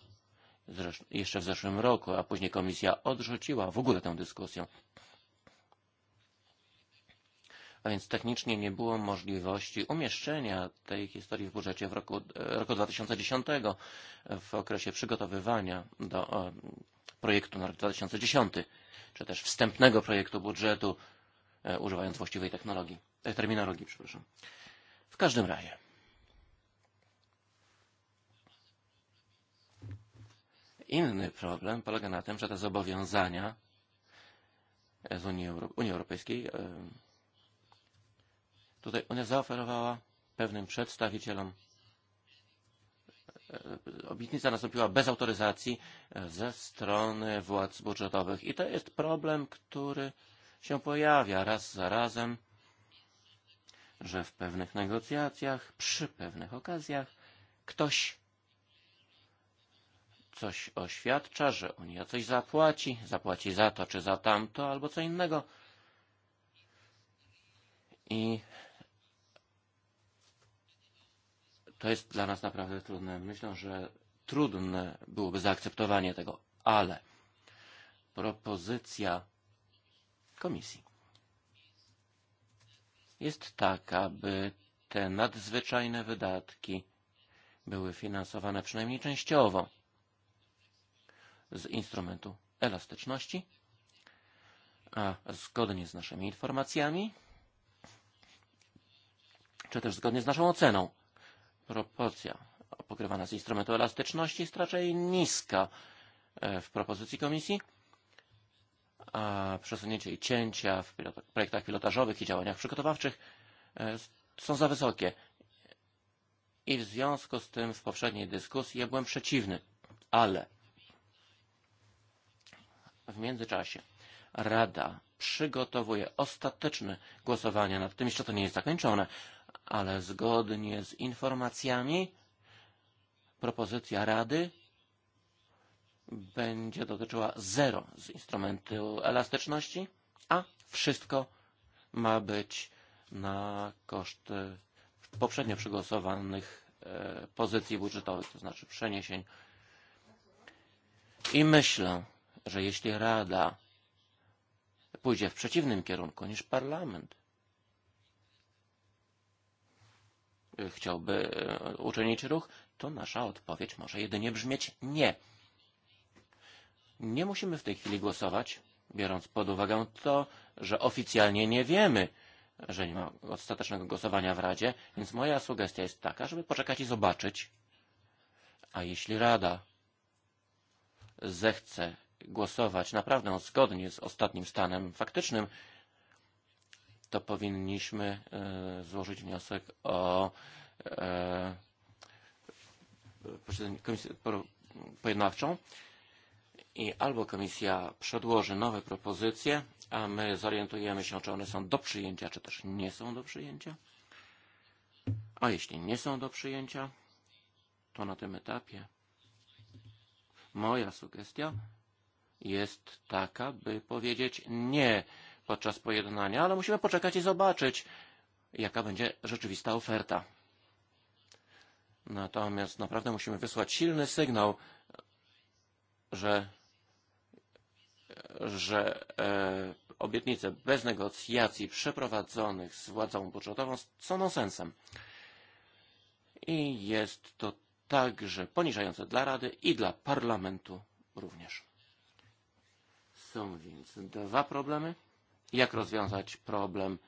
jeszcze w zeszłym roku, a później komisja odrzuciła w ogóle tę dyskusję a więc technicznie nie było możliwości umieszczenia tej historii w budżecie w roku, roku 2010 w okresie przygotowywania do e, projektu na rok 2010, czy też wstępnego projektu budżetu, e, używając właściwej technologii, e, terminologii. Przepraszam. W każdym razie. Inny problem polega na tym, że te zobowiązania z Unii, Euro Unii Europejskiej Tutaj ona zaoferowała pewnym przedstawicielom e, e, obietnica nastąpiła bez autoryzacji e, ze strony władz budżetowych. I to jest problem, który się pojawia raz za razem, że w pewnych negocjacjach, przy pewnych okazjach ktoś coś oświadcza, że Unia coś zapłaci, zapłaci za to czy za tamto albo co innego. I to jest dla nas naprawdę trudne. Myślę, że trudne byłoby zaakceptowanie tego, ale propozycja komisji jest taka, by te nadzwyczajne wydatki były finansowane przynajmniej częściowo z instrumentu elastyczności, a zgodnie z naszymi informacjami, czy też zgodnie z naszą oceną, Proporcja pokrywana z instrumentu elastyczności jest raczej niska w eh, propozycji komisji, a przesunięcie eh, i cięcia w projektach pilotażowych i działaniach przygotowawczych są za wysokie. I w związku z tym w poprzedniej dyskusji ja byłem przeciwny, ale w międzyczasie Rada przygotowuje ostateczne głosowanie nad tym, jeszcze to nie jest zakończone, ale zgodnie z informacjami propozycja Rady będzie dotyczyła zero z instrumentu elastyczności, a wszystko ma być na koszt poprzednio przegłosowanych e, pozycji budżetowych, to znaczy przeniesień. I myślę, że jeśli Rada pójdzie w przeciwnym kierunku niż Parlament, chciałby uczynić eh, ruch, to nasza odpowiedź może jedynie brzmieć nie. Nie musimy w tej chwili głosować, biorąc pod uwagę to, że oficjalnie nie wiemy, że nie ma ostatecznego głosowania w Radzie, więc moja sugestia jest taka, żeby poczekać i zobaczyć. A jeśli Rada zechce głosować naprawdę zgodnie z ostatnim stanem faktycznym, to powinniśmy e, złożyć wniosek o e, komisję pojednawczą i albo komisja przedłoży nowe propozycje, a my zorientujemy się, czy one są do przyjęcia, czy też nie są do przyjęcia. A jeśli nie są do przyjęcia, to na tym etapie moja sugestia jest taka, by powiedzieć nie podczas pojednania, ale musimy poczekać i zobaczyć, jaka będzie rzeczywista oferta. Natomiast naprawdę musimy wysłać silny sygnał, że, że e, obietnice bez negocjacji przeprowadzonych z władzą budżetową są nonsensem. I jest to także poniżające dla Rady i dla Parlamentu również. Są więc dwa problemy jak rozwiązać problem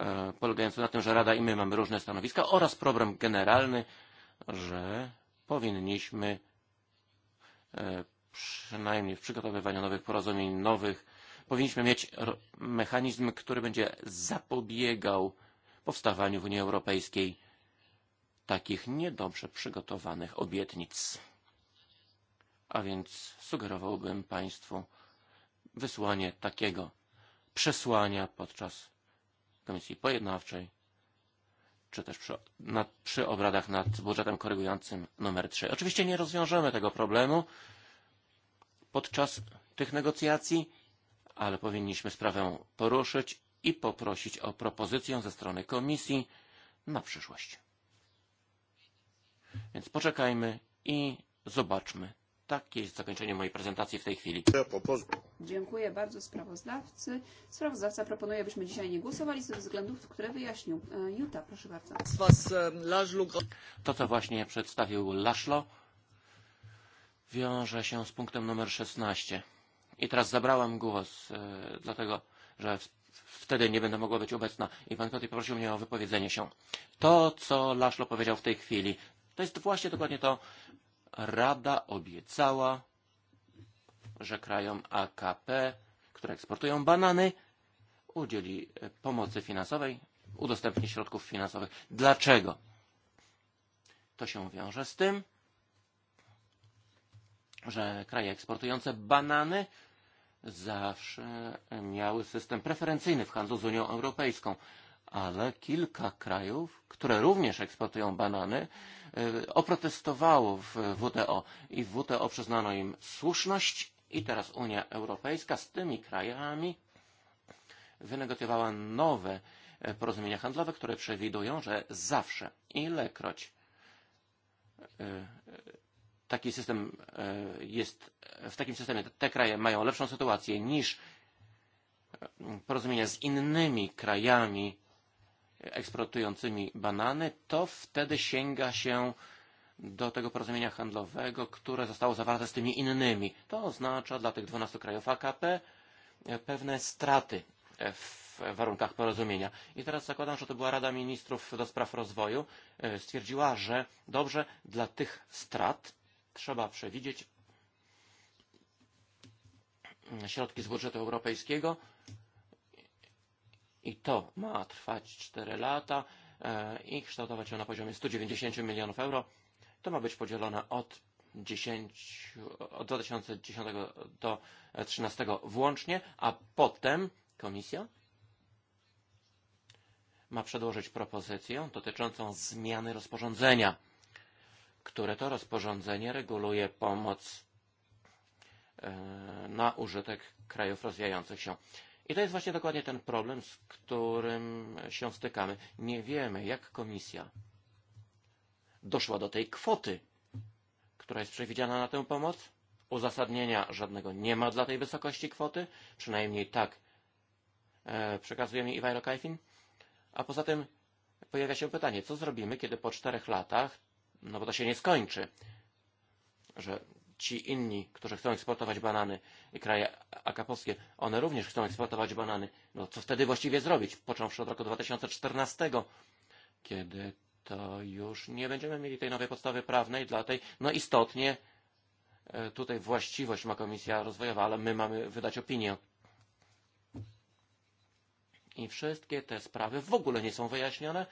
e, polegający na tym, że Rada i my mamy różne stanowiska oraz problem generalny, że powinniśmy e, przynajmniej w przygotowywaniu nowych porozumień, nowych, powinniśmy mieć mechanizm, który będzie zapobiegał powstawaniu w Unii Europejskiej takich niedobrze przygotowanych obietnic. A więc sugerowałbym Państwu wysłanie takiego przesłania podczas komisji pojednawczej, czy też przy, nad, przy obradach nad budżetem korygującym numer 3. Oczywiście nie rozwiążemy tego problemu podczas tych negocjacji, ale powinniśmy sprawę poruszyć i poprosić o propozycję ze strony komisji na przyszłość. Więc poczekajmy i zobaczmy. Takie jest zakończenie mojej prezentacji w tej chwili. Dziękuję bardzo sprawozdawcy. Sprawozdawca proponuje, abyśmy dzisiaj nie głosowali ze względów, które wyjaśnił. E, Juta, proszę bardzo. E, to, co właśnie przedstawił Laszlo, wiąże się z punktem numer 16. I teraz zabrałem głos, e, dlatego że wtedy nie będę mogła być obecna. I pan Koty poprosił mnie o wypowiedzenie się. To, co Laszlo powiedział w tej chwili, to jest właśnie dokładnie to. Rada obiecała że krajom AKP, które eksportują banany, udzieli eh, pomocy finansowej, udostępni środków finansowych. Dlaczego? To się wiąże z tym, że kraje eksportujące banany zawsze miały system preferencyjny w handlu z Unią Europejską, ale kilka krajów, które również eksportują banany, e, oprotestowało w WTO i w WTO przyznano im słuszność i teraz Unia Europejska z tymi krajami wynegocjowała nowe e, porozumienia handlowe, które przewidują, że zawsze, ilekroć e, e, taki system jest, w takim systemie te kraje mają lepszą sytuację niż porozumienia z innymi krajami eksportującymi banany, to wtedy sięga się do tego porozumienia handlowego, które zostało zawarte z tymi innymi. To oznacza dla tych 12 krajów AKP e, pewne straty e, w warunkach porozumienia. I teraz zakładam, że to była Rada Ministrów do Spraw Rozwoju. E, stwierdziła, że dobrze, dla tych strat trzeba przewidzieć mm, środki z budżetu europejskiego i to ma trwać 4 lata i kształtować się na poziomie 190 milionów euro to ma być podzielone od 10, od 2010 do 2013 włącznie, a potem komisja ma przedłożyć propozycję dotyczącą zmiany rozporządzenia, które to rozporządzenie reguluje pomoc eh, na użytek krajów rozwijających się. I to jest właśnie vlastně dokładnie ten problem, z którym się stykamy. Nie wiemy, jak komisja doszła do tej kwoty, która jest przewidziana na tę pomoc. Uzasadnienia żadnego nie ma dla tej wysokości kwoty, przynajmniej tak e, przekazuje mi Iwajro Kajfin. A poza tym pojawia się pytanie, co zrobimy, kiedy po czterech latach, no bo to się nie skończy, że ci inni, którzy chcą eksportować banany i kraje akapowskie, one również chcą eksportować banany. No co wtedy właściwie zrobić? Począwszy od roku 2014, kiedy to już nie będziemy mieli tej nowej podstawy prawnej dla tej, no istotnie e, tutaj właściwość ma Komisja Rozwojowa, ale my mamy wydać opinię. I wszystkie te sprawy w ogóle nie są wyjaśnione,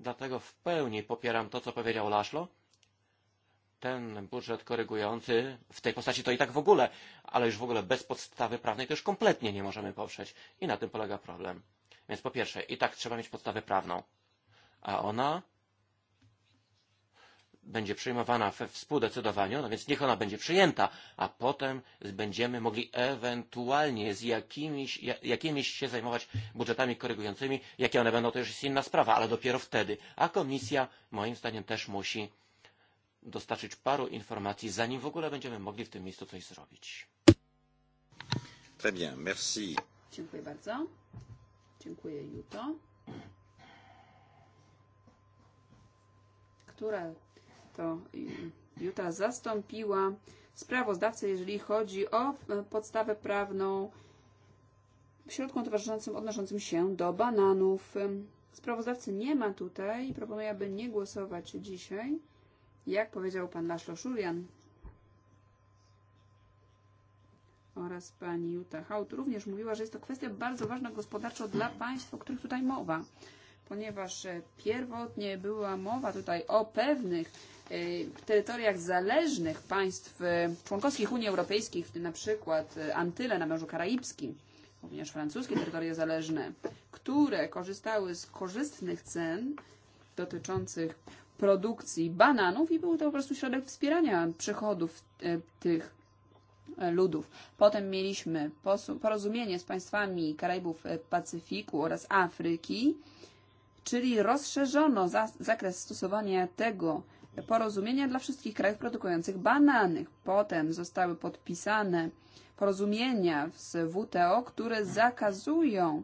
dlatego w pełni popieram to, co powiedział Laszlo. Ten budżet korygujący w tej postaci to i tak w ogóle, ale już w ogóle bez podstawy prawnej to już kompletnie nie możemy poprzeć. I na tym polega problem. Więc po pierwsze, i tak trzeba mieć podstawę prawną. A ona będzie przyjmowana we współdecydowaniu, no więc niech ona będzie przyjęta, a potem będziemy mogli ewentualnie z jakimiś, jakimiś się zajmować budżetami korygującymi, jakie one będą, to już jest inna sprawa, ale dopiero wtedy. A komisja moim zdaniem też musi dostarczyć paru informacji, zanim w ogóle będziemy mogli w tym miejscu coś zrobić. Très bien, merci. Dziękuję bardzo. Dziękuję Juto. Która to Juta zastąpiła sprawozdawcę, jeżeli chodzi o e, podstawę prawną środkom towarzyszącym odnoszącym się do bananów. E, sprawozdawcy nie ma tutaj i proponuję, aby nie głosować dzisiaj, jak powiedział pan Laszlo Szurian oraz pani Jutta Haut również mówiła, że jest to kwestia bardzo ważna gospodarczo dla państw, o których tutaj mowa ponieważ e, pierwotnie była mowa tutaj o pewnych e, terytoriach zależnych państw e, członkowskich Unii Europejskiej, w tym na przykład Antyle na Morzu Karaibskim, również francuskie terytoria zależne, które korzystały z korzystnych cen dotyczących produkcji bananów i był to po prostu środek wspierania przychodów tych ludów. Potem mieliśmy porozumienie z państwami Karaibów Pacyfiku oraz Afryki, czyli rozszerzono za, zakres stosowania tego porozumienia dla wszystkich krajów produkujących banany. Potem zostały podpisane porozumienia z WTO, które zakazują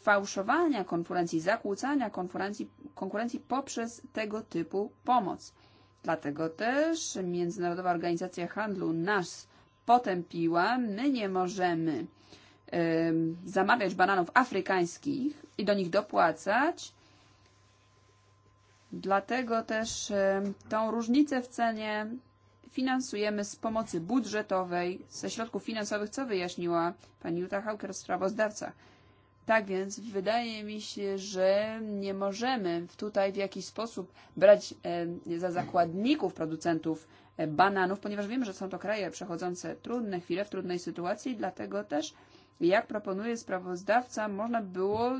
fałszowania konkurencji, zakłócania konkurencji, konkurencji poprzez tego typu pomoc. Dlatego też Międzynarodowa Organizacja Handlu nas potępiła. My nie możemy y, zamawiać bananów afrykańskich i do nich dopłacać, Dlatego też e, tą różnicę w cenie finansujemy z pomocy budżetowej, ze środków finansowych, co wyjaśniła pani Jutta Hauker, sprawozdawca. Tak więc wydaje mi się, że nie możemy tutaj w jakiś sposób brać e, za zakładników producentów e, bananów, ponieważ wiemy, że są to kraje przechodzące trudne chwile, w trudnej sytuacji, dlatego też, jak proponuje sprawozdawca, można było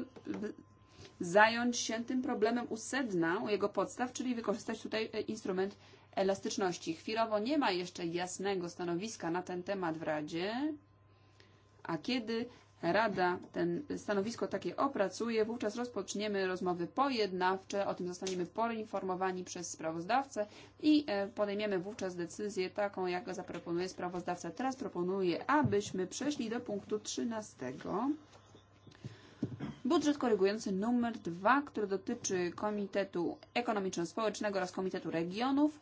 zająć się tym problemem u sedna, u jego podstaw, czyli wykorzystać tutaj e, instrument elastyczności. Chwilowo nie ma jeszcze jasnego stanowiska na ten temat w Radzie, a kiedy Rada ten stanowisko takie opracuje, wówczas rozpoczniemy rozmowy pojednawcze, o tym zostaniemy poinformowani przez sprawozdawcę i e, podejmiemy wówczas decyzję taką, jak zaproponuje sprawozdawca. Teraz proponuję, abyśmy przeszli do punktu 13. Budżet korygujący numer dwa, który dotyczy Komitetu Ekonomiczno-Społecznego oraz Komitetu Regionów.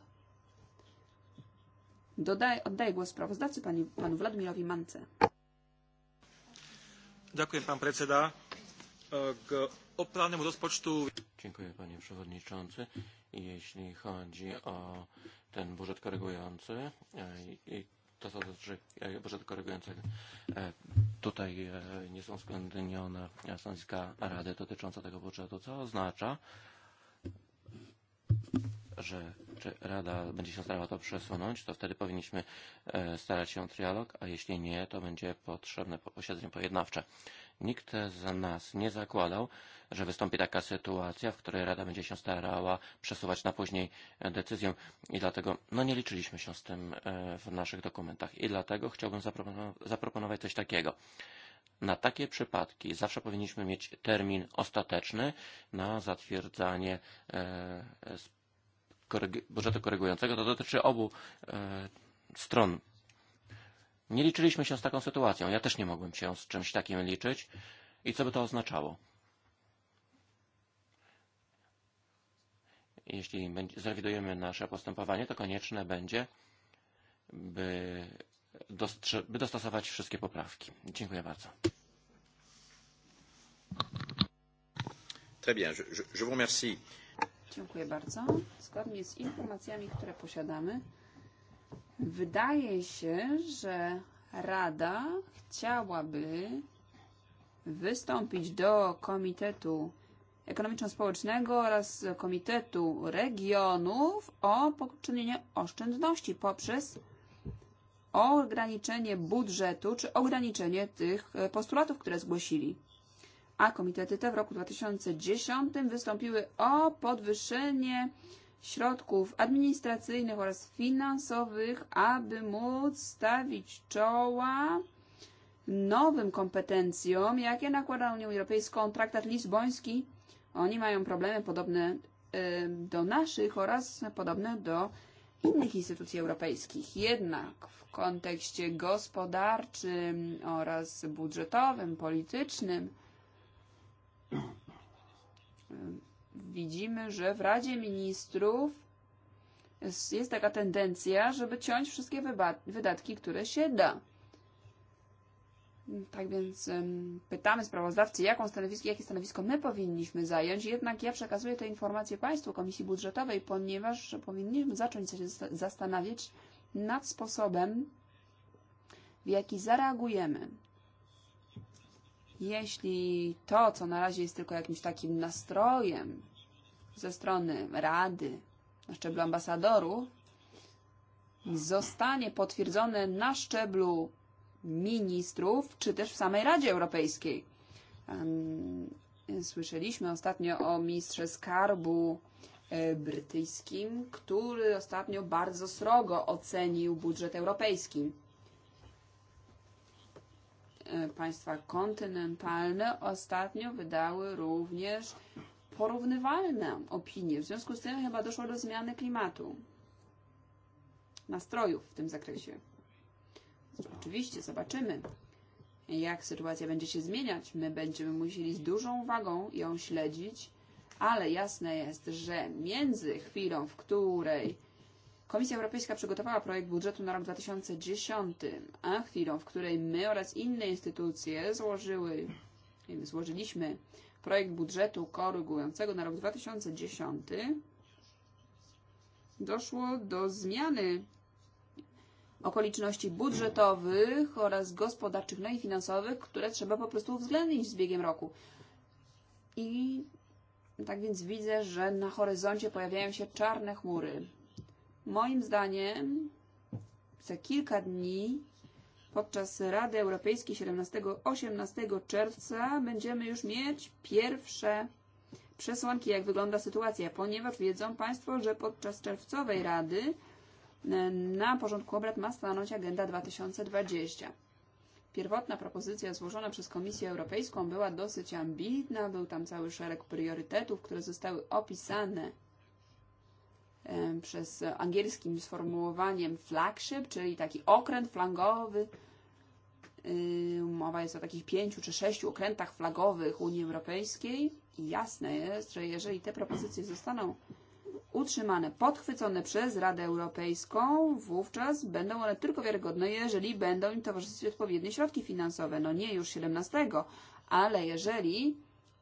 Dodaj, oddaję głos sprawozdawcy pani, panu Władimirowi Mance. Dziękuję pan predseda. K oprawnemu rozpocztu... Dziękuję panie przewodniczący. Jeśli chodzi o ten budżet korygujący e, Eh, to toto eh, dotyczy budżetu korygującego. Tutaj nie są uwzględnione stanowiska Rady dotyczące tego budżetu, co oznacza, że czy Rada będzie się starała to przesunąć, to wtedy powinniśmy eh, starać się o trialog, a jeśli nie, to będzie potrzebne posiedzenie pojednawcze. Nikt z nas nie zakładał, że wystąpi taka sytuacja, w której Rada będzie się starała przesuwać na później e, decyzję i dlatego no nie liczyliśmy się z tym e, w naszych dokumentach i dlatego chciałbym zaproponować coś takiego. Na takie przypadki zawsze powinniśmy mieć termin ostateczny na zatwierdzanie e, budżetu korygującego. To dotyczy obu stron Nie liczyliśmy się z taką sytuacją. Ja też nie mogłem się z czymś takim liczyć. I co by to oznaczało? Jeśli zrewidujemy nasze postępowanie, to konieczne będzie, by, by dostosować wszystkie poprawki. Dziękuję bardzo. Très bien, je, je vous remercie. Dziękuję bardzo. Zgodnie z informacjami, które posiadamy, Wydaje się, że Rada chciałaby wystąpić do Komitetu Ekonomiczno-Społecznego oraz Komitetu Regionów o poczynienie oszczędności poprzez ograniczenie budżetu czy ograniczenie tych e, postulatów, które zgłosili. A komitety te w roku 2010 wystąpiły o podwyższenie środków administracyjnych eh, oraz finansowych, aby móc stawić czoła nowym kompetencjom, jakie nakłada Unia Europejską traktat lizboński. Oni mają problemy podobne do naszych oraz podobne do innych instytucji europejskich. Jednak w kontekście gospodarczym oraz budżetowym, politycznym widzimy, że w Radzie Ministrów jest taka tendencja, żeby ciąć wszystkie wydatki, które się da. Tak więc ym, pytamy sprawozdawcy, jaką stanowisko, jakie stanowisko my powinniśmy zająć. Jednak ja przekazuję te informacje Państwu, Komisji Budżetowej, ponieważ powinniśmy zacząć się zastanawiać nad sposobem, w jaki zareagujemy. Jeśli to, co na razie jest tylko jakimś takim nastrojem, ze strony Rady na szczeblu ambasadorów zostanie potwierdzone na szczeblu ministrów, czy też w samej Radzie Europejskiej. Słyszeliśmy ostatnio o ministrze skarbu e, brytyjskim, który ostatnio bardzo srogo ocenił budżet europejski. E, państwa kontynentalne ostatnio wydały również porównywalne opinie. W związku z tym chyba doszło do zmiany klimatu, nastrojów w tym zakresie. Oczywiście zobaczymy, jak sytuacja będzie się zmieniać. My będziemy musieli z dużą uwagą ją śledzić, ale jasne jest, że między chwilą, w której Komisja Europejska przygotowała projekt budżetu na rok 2010, a chwilą, w której my oraz inne instytucje złożyły, złożyliśmy projekt budżetu korygującego na rok 2010 doszło do zmiany okoliczności budżetowych oraz gospodarczych, no i finansowych, które trzeba po prostu uwzględnić z biegiem roku. I tak więc widzę, że na horyzoncie pojawiają się czarne chmury. Moim zdaniem za kilka dni podczas Rady Europejskiej 17-18 czerwca będziemy już mieć pierwsze przesłanki, jak wygląda sytuacja, ponieważ wiedzą Państwo, że podczas czerwcowej Rady e, na porządku obrad ma stanąć Agenda 2020. Pierwotna propozycja złożona przez Komisję Europejską była dosyć ambitna, był tam cały szereg priorytetów, które zostały opisane e, przez angielskim sformułowaniem flagship, czyli taki okręt flangowy Mowa jest o takich pięciu czy sześciu okrętach flagowych Unii Europejskiej i jasne jest, że jeżeli te propozycje zostaną utrzymane, podchwycone przez Radę Europejską, wówczas będą one tylko wiarygodne, jeżeli będą im towarzyszyć odpowiednie środki finansowe. No nie już 17, ale jeżeli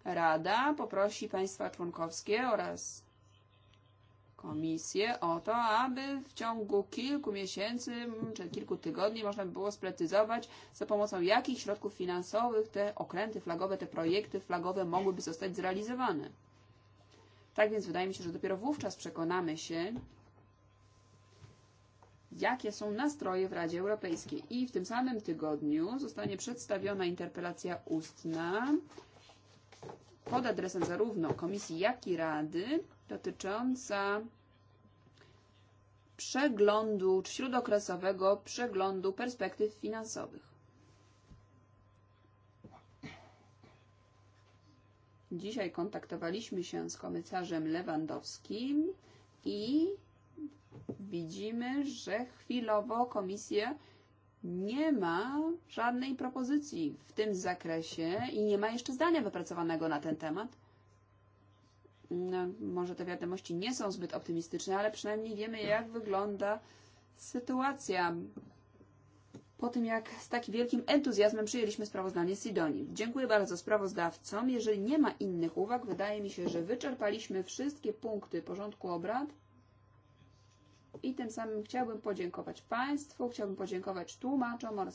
Rada poprosi państwa członkowskie oraz komisję o to, aby w ciągu kilku miesięcy czy kilku tygodni można by było sprecyzować, za pomocą jakich środków finansowych te okręty flagowe, te projekty flagowe mogłyby zostać zrealizowane. Tak więc wydaje mi się, że dopiero wówczas przekonamy się, jakie są nastroje w Radzie Europejskiej. I w tym samym tygodniu zostanie przedstawiona interpelacja ustna pod adresem zarówno Komisji, jak i Rady dotycząca przeglądu czy śródokresowego przeglądu perspektyw finansowych. Dzisiaj kontaktowaliśmy się z komisarzem Lewandowskim i widzimy, że chwilowo komisja nie ma żadnej propozycji w tym zakresie i nie ma jeszcze zdania wypracowanego na ten temat. No, może te wiadomości nie są zbyt optymistyczne, ale przynajmniej wiemy, jak wygląda sytuacja po tym, jak z takim wielkim entuzjazmem przyjęliśmy sprawozdanie Sidonii. Dziękuję bardzo sprawozdawcom. Jeżeli nie ma innych uwag, wydaje mi się, że wyczerpaliśmy wszystkie punkty porządku obrad. I tym samym chciałbym podziękować Państwu, chciałbym podziękować tłumaczom oraz